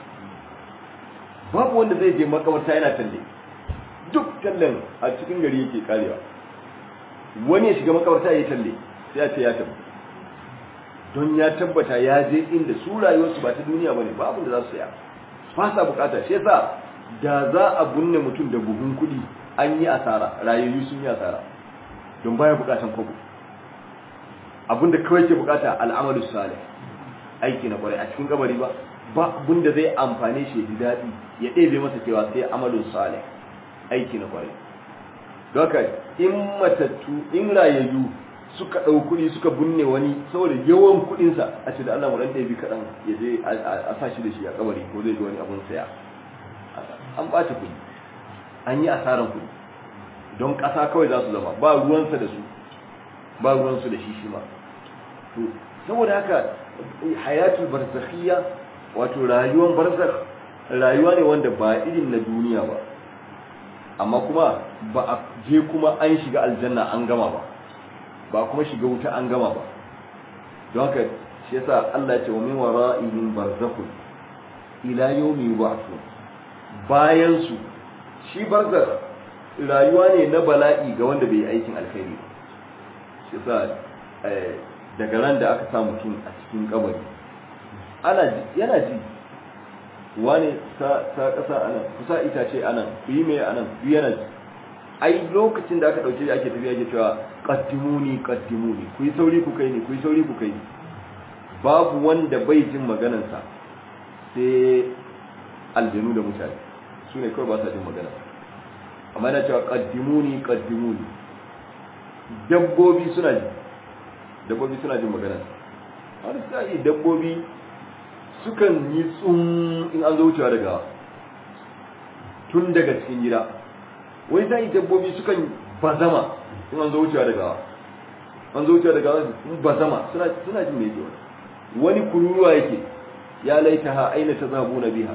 babu wanda zai je makamarta yana talle duk tallan a cikin gari yake karewa wani ya shiga makabarta ya talle sai a ce ya tabbata don ya tabbata ya je inda su rayuwarsu ba ta duniya ba ne babu da za su saya ba sa bukata shi yasa da za a binne mutum da buhun kuɗi an yi asara rayayyu sun yi asara don baya bukatan kwabo abinda kawai ke bukata al'amalu salih aiki na kwarai a cikin kabari ba ba abin da zai amfane shi ji daɗi ya ɗebe masa cewa sai amalin salih aiki na kwarai doka in matattu in rayayyu suka ɗau kuɗi suka binne wani saboda yawan kuɗinsa a ce da Allah mulan kaɗan ya je a sa shi da shi a kabari ko zai ga wani abun saya an ɓata kuɗi an yi asaran kuɗi don ƙasa kawai za su zama ba ruwansa da su ba ruwansu da shi shi ma to saboda haka hayatul barzakhiyya wato rayuwar barzakh rayuwa ne wanda ba irin na duniya ba amma kuma ba a je kuma an shiga aljanna an gama ba ba kuma shiga wuta an gama ba don haka shi yasa Allah ya ce wa min wara'in barzakhun ila yawmi yub'athun bayan su shi barzakh rayuwa ne na bala'i ga wanda bai yi aikin alkhairi shi yasa eh, daga ran da aka sa mutum a cikin kabari ana yana ji wane sa sa kasa anan kusa itace anan ku yi mai anan ku yana ji ai lokacin da aka dauke ake tafiya ake cewa qaddimuni qaddimuni ku yi sauri ku kai ni ku yi sauri ku kai ni babu wanda bai jin sa sai aljanu da mutane su ne kawai ba sa jin magana amma yana cewa qaddimuni qaddimuni dabbobi suna ji dabbobi suna jin magana har sai dabbobi sukan yi tsun in an zo wucewa daga tun daga cikin gida wani sai dabbobi sukan bazama in an zo wucewa daga an zo wucewa daga sun bazama suna jin mai wani kururuwa yake ya ha aina ta zabu na biya.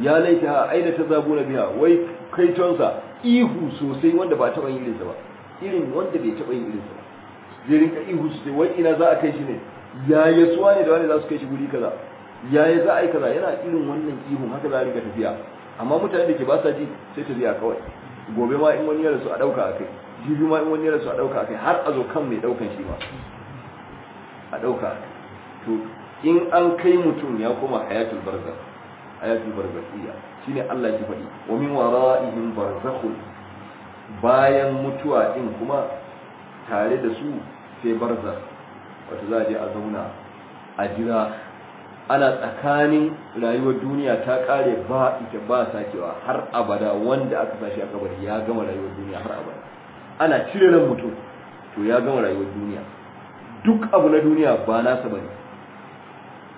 ya ha aina ta zabu na biya. wai kaitonsa ihu sosai wanda ba taɓa yin irinsa ba irin wanda bai taɓa yin irinsa ba zai rinka ihu su ce wai ina za a kai shi ne ya yi suwa ne da wani za su kai shi guri kaza ya yi za a yi kaza yana irin wannan ihun haka za a rinka tafiya amma mutane da ke ba sa ji sai tafiya kawai gobe ma in wani yara su a ɗauka a kai jibi ma in wani yara su a ɗauka a kai har a zo kan mai ɗaukan shi ma a ɗauka to in an kai mutum ya koma hayatul barzakh hayatul iya shine Allah ya faɗi wa min wara'ihim barzakhun bayan mutuwa din kuma tare da su sai barza wata za a je a zauna a jira ana tsakanin rayuwar duniya ta kare ba ita ba sakewa har abada wanda aka sashi a kabari ya gama rayuwar duniya har abada ana cire ran mutum to ya gama rayuwar duniya duk abu na duniya ba nasa bane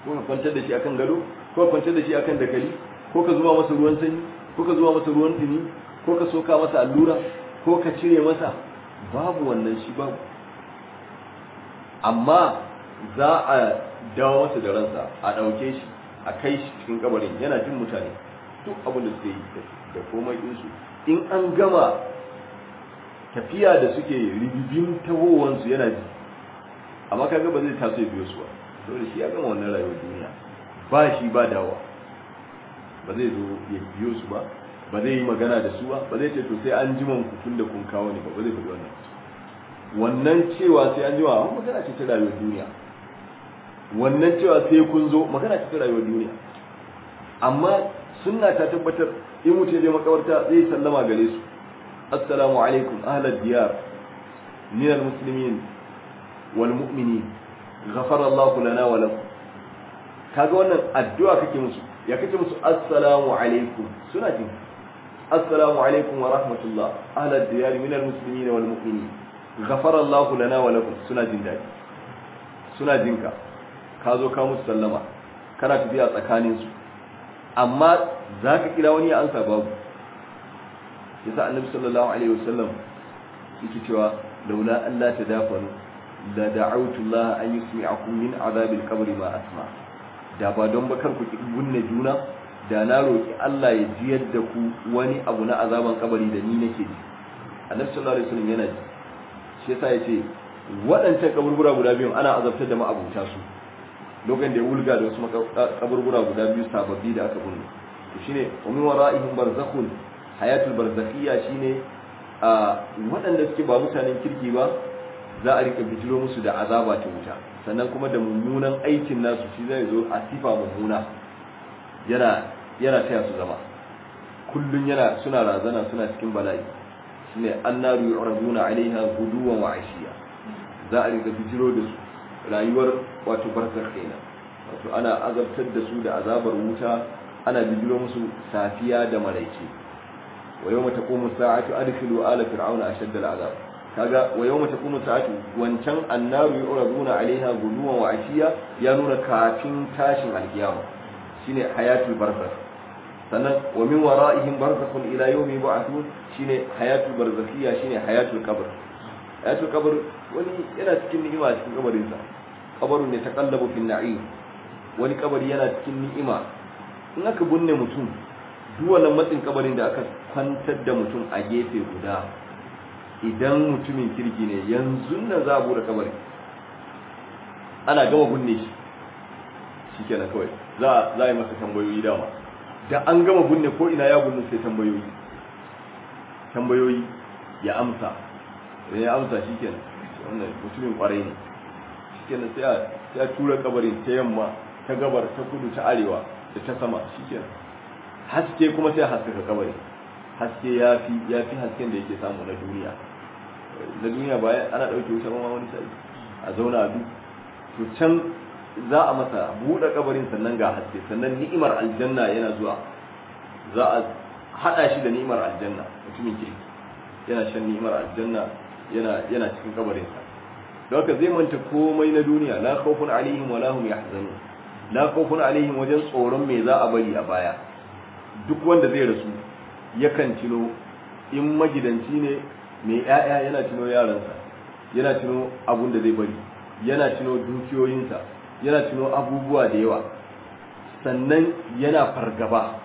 ko ka kwantar da shi akan gado ko ka kwantar da shi akan dakali ko ka zuba masa ruwan sanyi ko ka zuba masa ruwan dini ko ka soka masa allura ko ka cire masa babu wannan shi babu amma za a dawo masa da ransa a ɗauke shi a kai shi cikin kabarin yana jin mutane duk abin da suke yi da komai ɗinsu in an gama tafiya da suke rigibin tawowansu yana ji amma kaga ba zai taso ya biyo su ba saboda shi ya gama wannan rayuwar duniya ba shi ba dawa ba zai zo ya biyo su ba ba zai yi magana da su ba ba zai ce to sai an ji man da kun kawo ne ba ba zai faɗi wannan wannan cewa sai an jima amma magana ce ta rayuwar duniya wannan cewa sai kun zo magana ce ta rayuwar duniya amma suna ta tabbatar in mutum je makabarta zai sallama gare su assalamu alaikum ahlal diyar min al muslimin wal mu'minin ghafara Allah lana wa lakum kaga wannan addu'a kake musu ya kace musu assalamu alaikum suna jin assalamu alaikum wa rahmatullah ahlal diyar min al muslimin wal mu'minin ghafarallahu lana wa lakum suna jin daɗi suna jinka ka zo ka musu sallama kana tafiya tsakanin su amma za ka kira wani ya ansa babu yasa annabi sallallahu alaihi wasallam yake cewa laula Allah ta dafanu da da'autu Allah an yusmi'akum min azabil qabri ma asma da ba don ba kar ku gunne juna da na roki Allah ya jiyar da ku wani abu na azaban kabari da ni nake ji annabi sallallahu alaihi wasallam yana ji shi yasa yace waɗancan kaburbura guda biyu ana azabtar da ma'abuta su lokacin da ya wulga da wasu kaburbura guda biyu sababbi da aka bunne to shine umin wara'ihim barzakhun hayatul barzakhiyya shine a waɗanda suke ba mutanen kirki ba za a rika bijiro musu da azaba ta wuta sannan kuma da mummunan aikin nasu shi zai zo a sifa mummuna yana yana taya su zama kullun yana suna razana suna cikin bala'i ne annaru yu'raduna alaiha guduwan wa ashiya za a riga bijiro da su rayuwar wato barkar kaina wato ana azabtar da su da azabar wuta ana bijiro musu safiya da maraice wa yawma taqumu sa'atu adkhilu ala fir'auna ashadda al'azab kaga wa yawma taqumu sa'atu wancan annaru yu'raduna alaiha guduwan wa ashiya ya nuna kafin tashin alkiyama shine hayatul barzakh sannan wa min wara'ihim barzakhun ila yawmi yub'athun shine hayatul barzakhiyya shine hayatul qabr hayatul qabr wani yana cikin ni'ima a cikin kabarin sa kabarun ne taqallabu fil na'im wani kabari yana cikin ni'ima in aka binne mutum duk matsin kabarin da aka kwantar da mutum a gefe guda idan mutumin kirki ne yanzu nan za a bude kabarin ana gama bunne shi shikenan kawai za a yi masa tambayoyi dama da an gama binne ko ina ya bunne sai tambayoyi tambayoyi ya amsa ya amsa shi ke wanda mutumin kwarai ne shi sai a tura kabarin ta yamma ta gabar ta kudu ta arewa da ta sama shi kenan haske kuma sai haskaka kabarin haske ya fi ya fi hasken da yake samu na duniya na duniya ba ana ɗauke wuta ma wani sai a zauna a duk to can za a masa buɗe kabarin sannan ga haske sannan ni'imar aljanna yana zuwa za a haɗa shi da ni'imar aljanna mutumin ke yana shan ni'imar aljanna yana yana cikin kabarin sa don haka zai manta komai na duniya la khawfun alaihim wa lahum yahzanun la khawfun alaihim wajen tsoron me za a bari a baya duk wanda zai rasu yakan tuno in magidanci ne mai ƴaƴa yana tuno yaransa yana tuno abun da zai bari yana tuno dukiyoyinsa yana tuno abubuwa da yawa sannan yana fargaba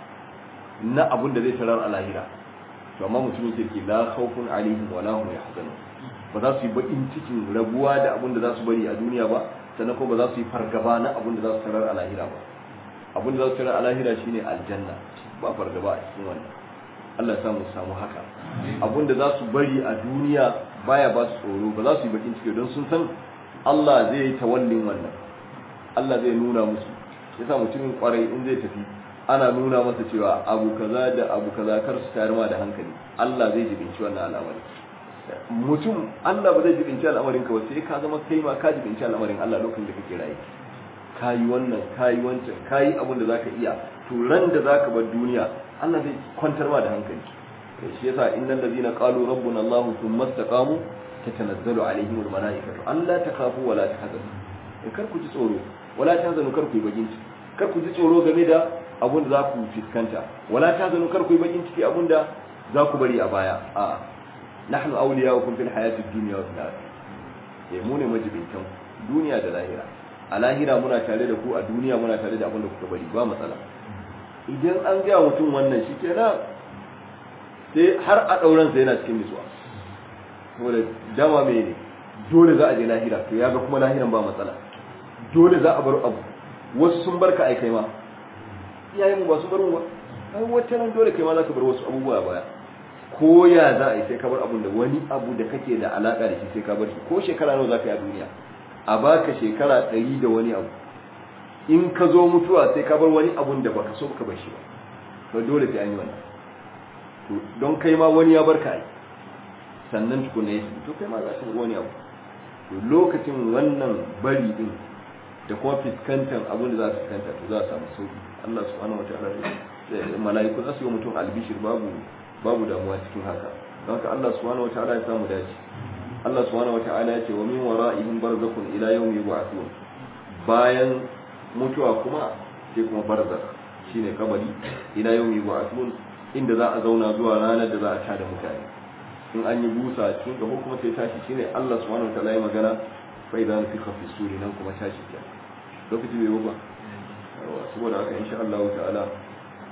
na abun da zai tarar a lahira to amma mutumin kirki la khawfun alaihim wa la hum yahzanun ba za su yi bakin cikin rabuwa da abin da za su bari a duniya ba sannan kuma ba za su yi fargaba na abin da za su tarar a lahira ba abin da za su tarar a lahira shine aljanna ba fargaba a cikin wannan Allah samu samu haka abin da za su bari a duniya baya ba su tsoro ba za su yi bakin ciki don sun san Allah zai yi tawallin wannan Allah zai nuna musu yasa mutumin kwarai in zai tafi ana nuna masa cewa abu kaza da abu kaza kar su tayar ma da hankali Allah zai jibinci wannan al'amari mutum Allah ba zai jibinci al'amarin ka ba sai ka zama kai ma ka jibinci al'amarin Allah lokacin da kake rayu kayi wannan kayi wancan kayi abin da zaka iya to ran da zaka bar duniya Allah zai kwantar ma da hankali eh, shi yasa innal ladina qalu rabbuna Allah thumma istaqamu tatanazzalu alaihim almalaikatu Allah takhafu wala tahzanu eh, kar ku ji tsoro wala tahzanu kar ku yi bakin kar ku ji tsoro game da abun da za ku fiskanta wala ta zanu kar ku yi bakin ciki abun da za ku bari a baya a nahnu awliyaukum fil hayati dunya wa fil akhirah eh mu ne majibintan duniya da lahira a lahira muna tare da ku a duniya muna tare da abun da kuka bari ba matsala idan an ga mutum wannan shi shikenan sai har a dauran sa yana cikin nutsuwa saboda dama ne dole za a je lahira to ya ga kuma lahiran ba matsala dole za a bar abu wasu sun barka aikai ma iyayen mu ba su barin ai wata nan dole kai ma zaka bar wasu abubuwa baya ko ya za a yi sai ka bar abun da wani abu da kake da alaka da shi sai ka bar shi ko shekara nawa zaka yi a duniya a baka shekara ɗari da wani abu in ka zo mutuwa sai ka bar wani abun da baka so ka bar shi ba to dole sai an yi wannan to don kai ma wani ya bar ka sannan tukuna ya to kai ma za ka bar wani abu to lokacin wannan bari din da kuma fuskantar abun da za su fuskanta to za su samu sauki Allah subhanahu wataala mala'iku za su yi mutum albishir babu babu damuwa cikin haka don ka Allah subhanahu wataala ya samu dace Allah subhanahu wataala ya ce wa min wara'ihim barzakhun ila yawmi yub'athun bayan mutuwa kuma sai kuma barzakh shine kabari ila yawmi yub'athun inda za a zauna zuwa ranar da za a tada mutane in an yi busa cikin gaba kuma sai tashi shine Allah subhanahu wataala ya magana fa idan fi khafi suri nan kuma tashi kenan lokaci bai yi ba saboda haka insha Allah ta'ala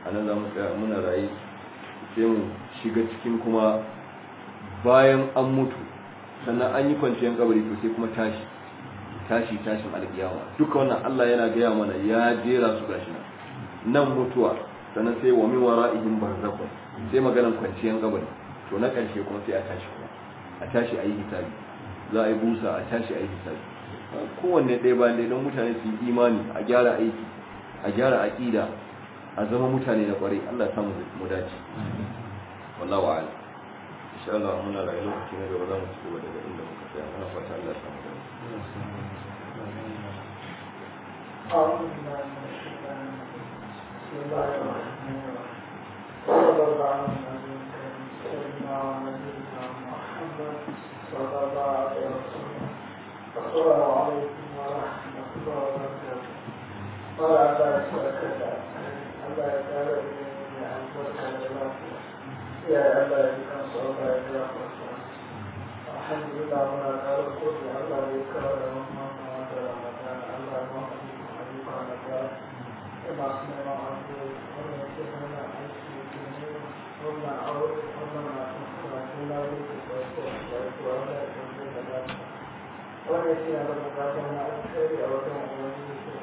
anan za mu tsaya muna raye sai mu shiga cikin kuma bayan an mutu sannan an yi kwanciyar kabari to sai kuma tashi tashi tashin alƙiyawa duka wannan Allah yana gaya mana ya jera su gashi nan nan mutuwa sannan sai wa min wara'ihim barzakhun sai maganar kwanciyar kabari to na karshe kuma sai a tashi kuma a tashi a yi hisabi za a yi busa a tashi a yi hisabi kowanne ɗaya bayan ɗaya don mutane su yi imani a gyara aiki a gyara aqida a zama mutane da kware Allah ya samu mu dace wallahi wa'ala insha Allah muna rayu lokacin da ba za mu ci daga inda muka tsaya muna fata Allah ya samu dace أعوذ بالله من الشيطان الرجيم الله الرحمن الرحيم صلى الله عليه وسلم صلى الله عليه وسلم Allah ya fara sadaka Allah ya fara da albarka da lafiya ya Allah ya kan so Allah ya Allah da ya da aiki ya na a wajen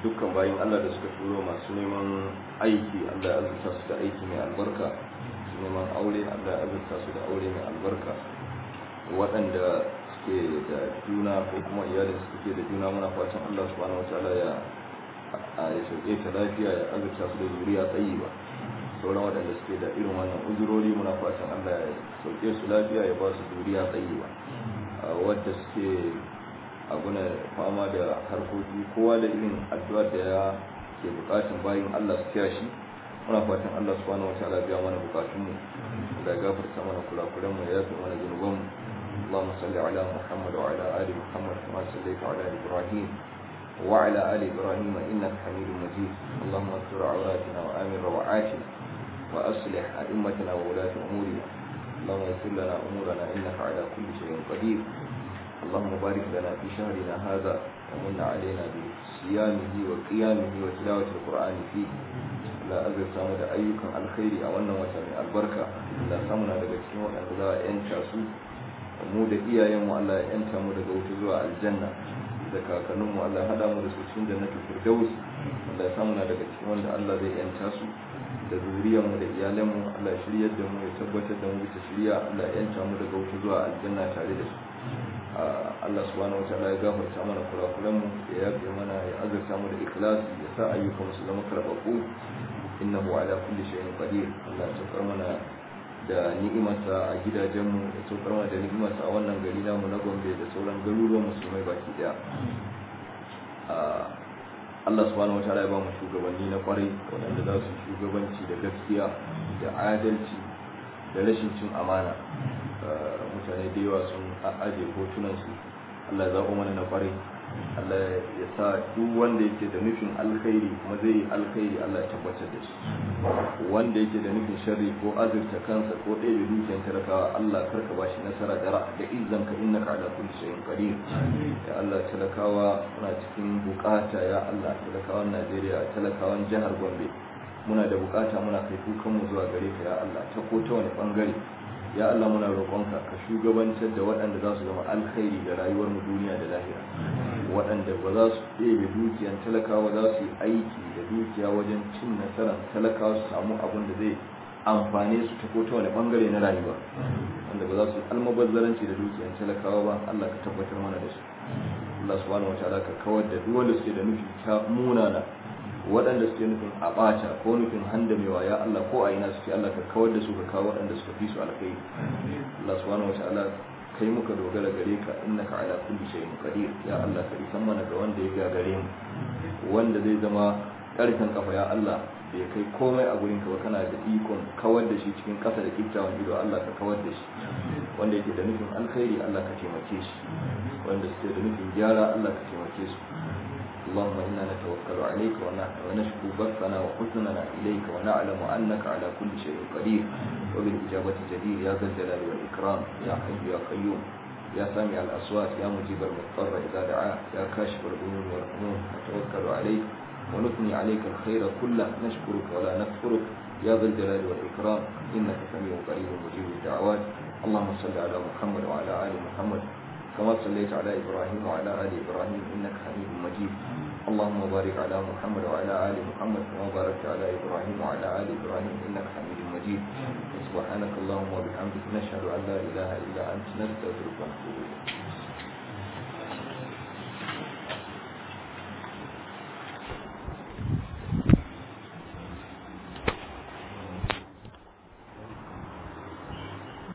dukkan bayan Allah da suka turo masu neman aiki Allah ya azurta su da aiki mai albarka su neman aure Allah ya azurta su da aure mai albarka waɗanda suke da juna ko kuma iyalin su suke da juna muna fatan Allah subhanahu wataala ya ya sauke ta lafiya ya azurta su da zuriya tsayi ba sauran waɗanda suke da irin wannan uzurori muna fatan Allah ya sauke su lafiya ya ba su zuriya tsayi ba wadda suke abuna fama da harkoki kowa da irin addu'ar da ya ke bukatun bayin Allah su kiya shi muna fatan Allah subhanahu wataala biya mana bukatun mu da gafarta mana kulakulan mu ya yafi mana zunuban mu اللهم صل على محمد وعلى آل محمد كما صليت على إبراهيم وعلى آل إبراهيم إنك حميد مجيد اللهم استر عوراتنا وآمن روعاتنا وأصلح أئمتنا وولاة أمورنا اللهم اغفر لنا أمورنا إنك على كل شيء قدير اللهم بارك لنا في شهرنا هذا ومن علينا بصيامه وقيامه وتلاوة القرآن فيه لا أزل سامو da ayyukan alkhairi a wannan watan mai albarka da samuna daga cikin waɗanda za a yanta su mu da iyayenmu Allah ya yanta mu daga wuta zuwa aljanna da kakanninmu Allah hada mu da su cikin jannatul firdaus Allah ya daga cikin wanda Allah zai yanta su da zuriyarmu da iyalanmu Allah shiryar da mu ya tabbatar da mu yanta mu daga wuta zuwa aljanna tare da Allah subhanahu ta'ala ya gafarta mana kurakuran mu ya yafe mana ya azurta mu da ikhlasi ya sa ayyukan su zama karbabu innahu ala kulli shay'in qadir Allah ya tsokar mana da ni'imarsa a gidajen mu ya tsokar mana da ni'imarsa a wannan gari namu na Gombe da sauran garuruwan musulmai baki daya Allah subhanahu wata ya ba mu shugabanni na kwarai wanda za su shugabanci da gaskiya da adalci da rashin cin amana mutane da yawa sun a aje hotunansu Allah ya zaɓo mana na kwarai Allah ya sa duk wanda yake da nufin alkhairi kuma zai yi alkhairi Allah ya tabbatar da shi wanda yake da nufin sharri ko azurta kansa ko ɗaya dukiyar talakawa Allah karka ba shi nasara da da izan ka inna ka kulli shay'in qadir ya Allah talakawa muna cikin bukata ya Allah talakawan Najeriya talakawan jihar Gombe muna da bukata muna kai kukanmu zuwa gare ka ya Allah ta ko ta wani bangare ya Allah muna roƙonka ka shugabantar da waɗanda za su zama alkhairi da rayuwar mu duniya da lahira waɗanda ba za su ɗebe dukiyar talakawa za su yi aiki da dukiya wajen cin nasarar talakawa su samu abin da zai amfane su ta ko wani bangare na rayuwa wanda ba za su yi almabazzaranci da dukiyar talakawa ba Allah ka tabbatar mana da su Allah subhanahu ta'ala ka kawar da duk wanda suke da nufi ta munana waɗanda suke nufin a ɓata ko nufin handamewa ya Allah ko a yi nasu ce Allah ka kawar da su ka kawo waɗanda suka fi su alkai Allah su subhanahu wa ta'ala kai muka dogara gare ka ka ala kulli shay'in qadir ya Allah ka isan mana ga wanda ya gagare mu wanda zai zama ƙarfin kafa ya Allah ya kai komai a gurin ka ba kana da ikon kawar da shi cikin ƙasa da kiftawan ido Allah ka kawar da shi wanda yake da nufin alkhairi Allah ka taimake shi wanda suke da nufin gyara Allah ka taimake su اللهم إنا نتوكل عليك ونشكو بثنا وحسننا إليك ونعلم أنك على كل شيء قدير وبالإجابة جدير يا ذا الجلال والإكرام يا حي يا قيوم يا سامع الأصوات يا مجيب المضطر إذا دعاه يا كاشف الغيوم والحنون نتوكل عليك ونثني عليك الخير كله نشكرك ولا نكفرك يا ذا الجلال والإكرام إنك سميع قريب مجيب الدعوات اللهم صل على محمد وعلى آل محمد كما صليت على إبراهيم وعلى آل إبراهيم إنك حميد مجيد اللهم بارك على محمد وعلى آل محمد كما باركت على إبراهيم وعلى آل إبراهيم إنك حميد مجيد سبحانك اللهم وبحمدك نشهد أن لا إله إلا أنت نستغفرك ونتوب إليك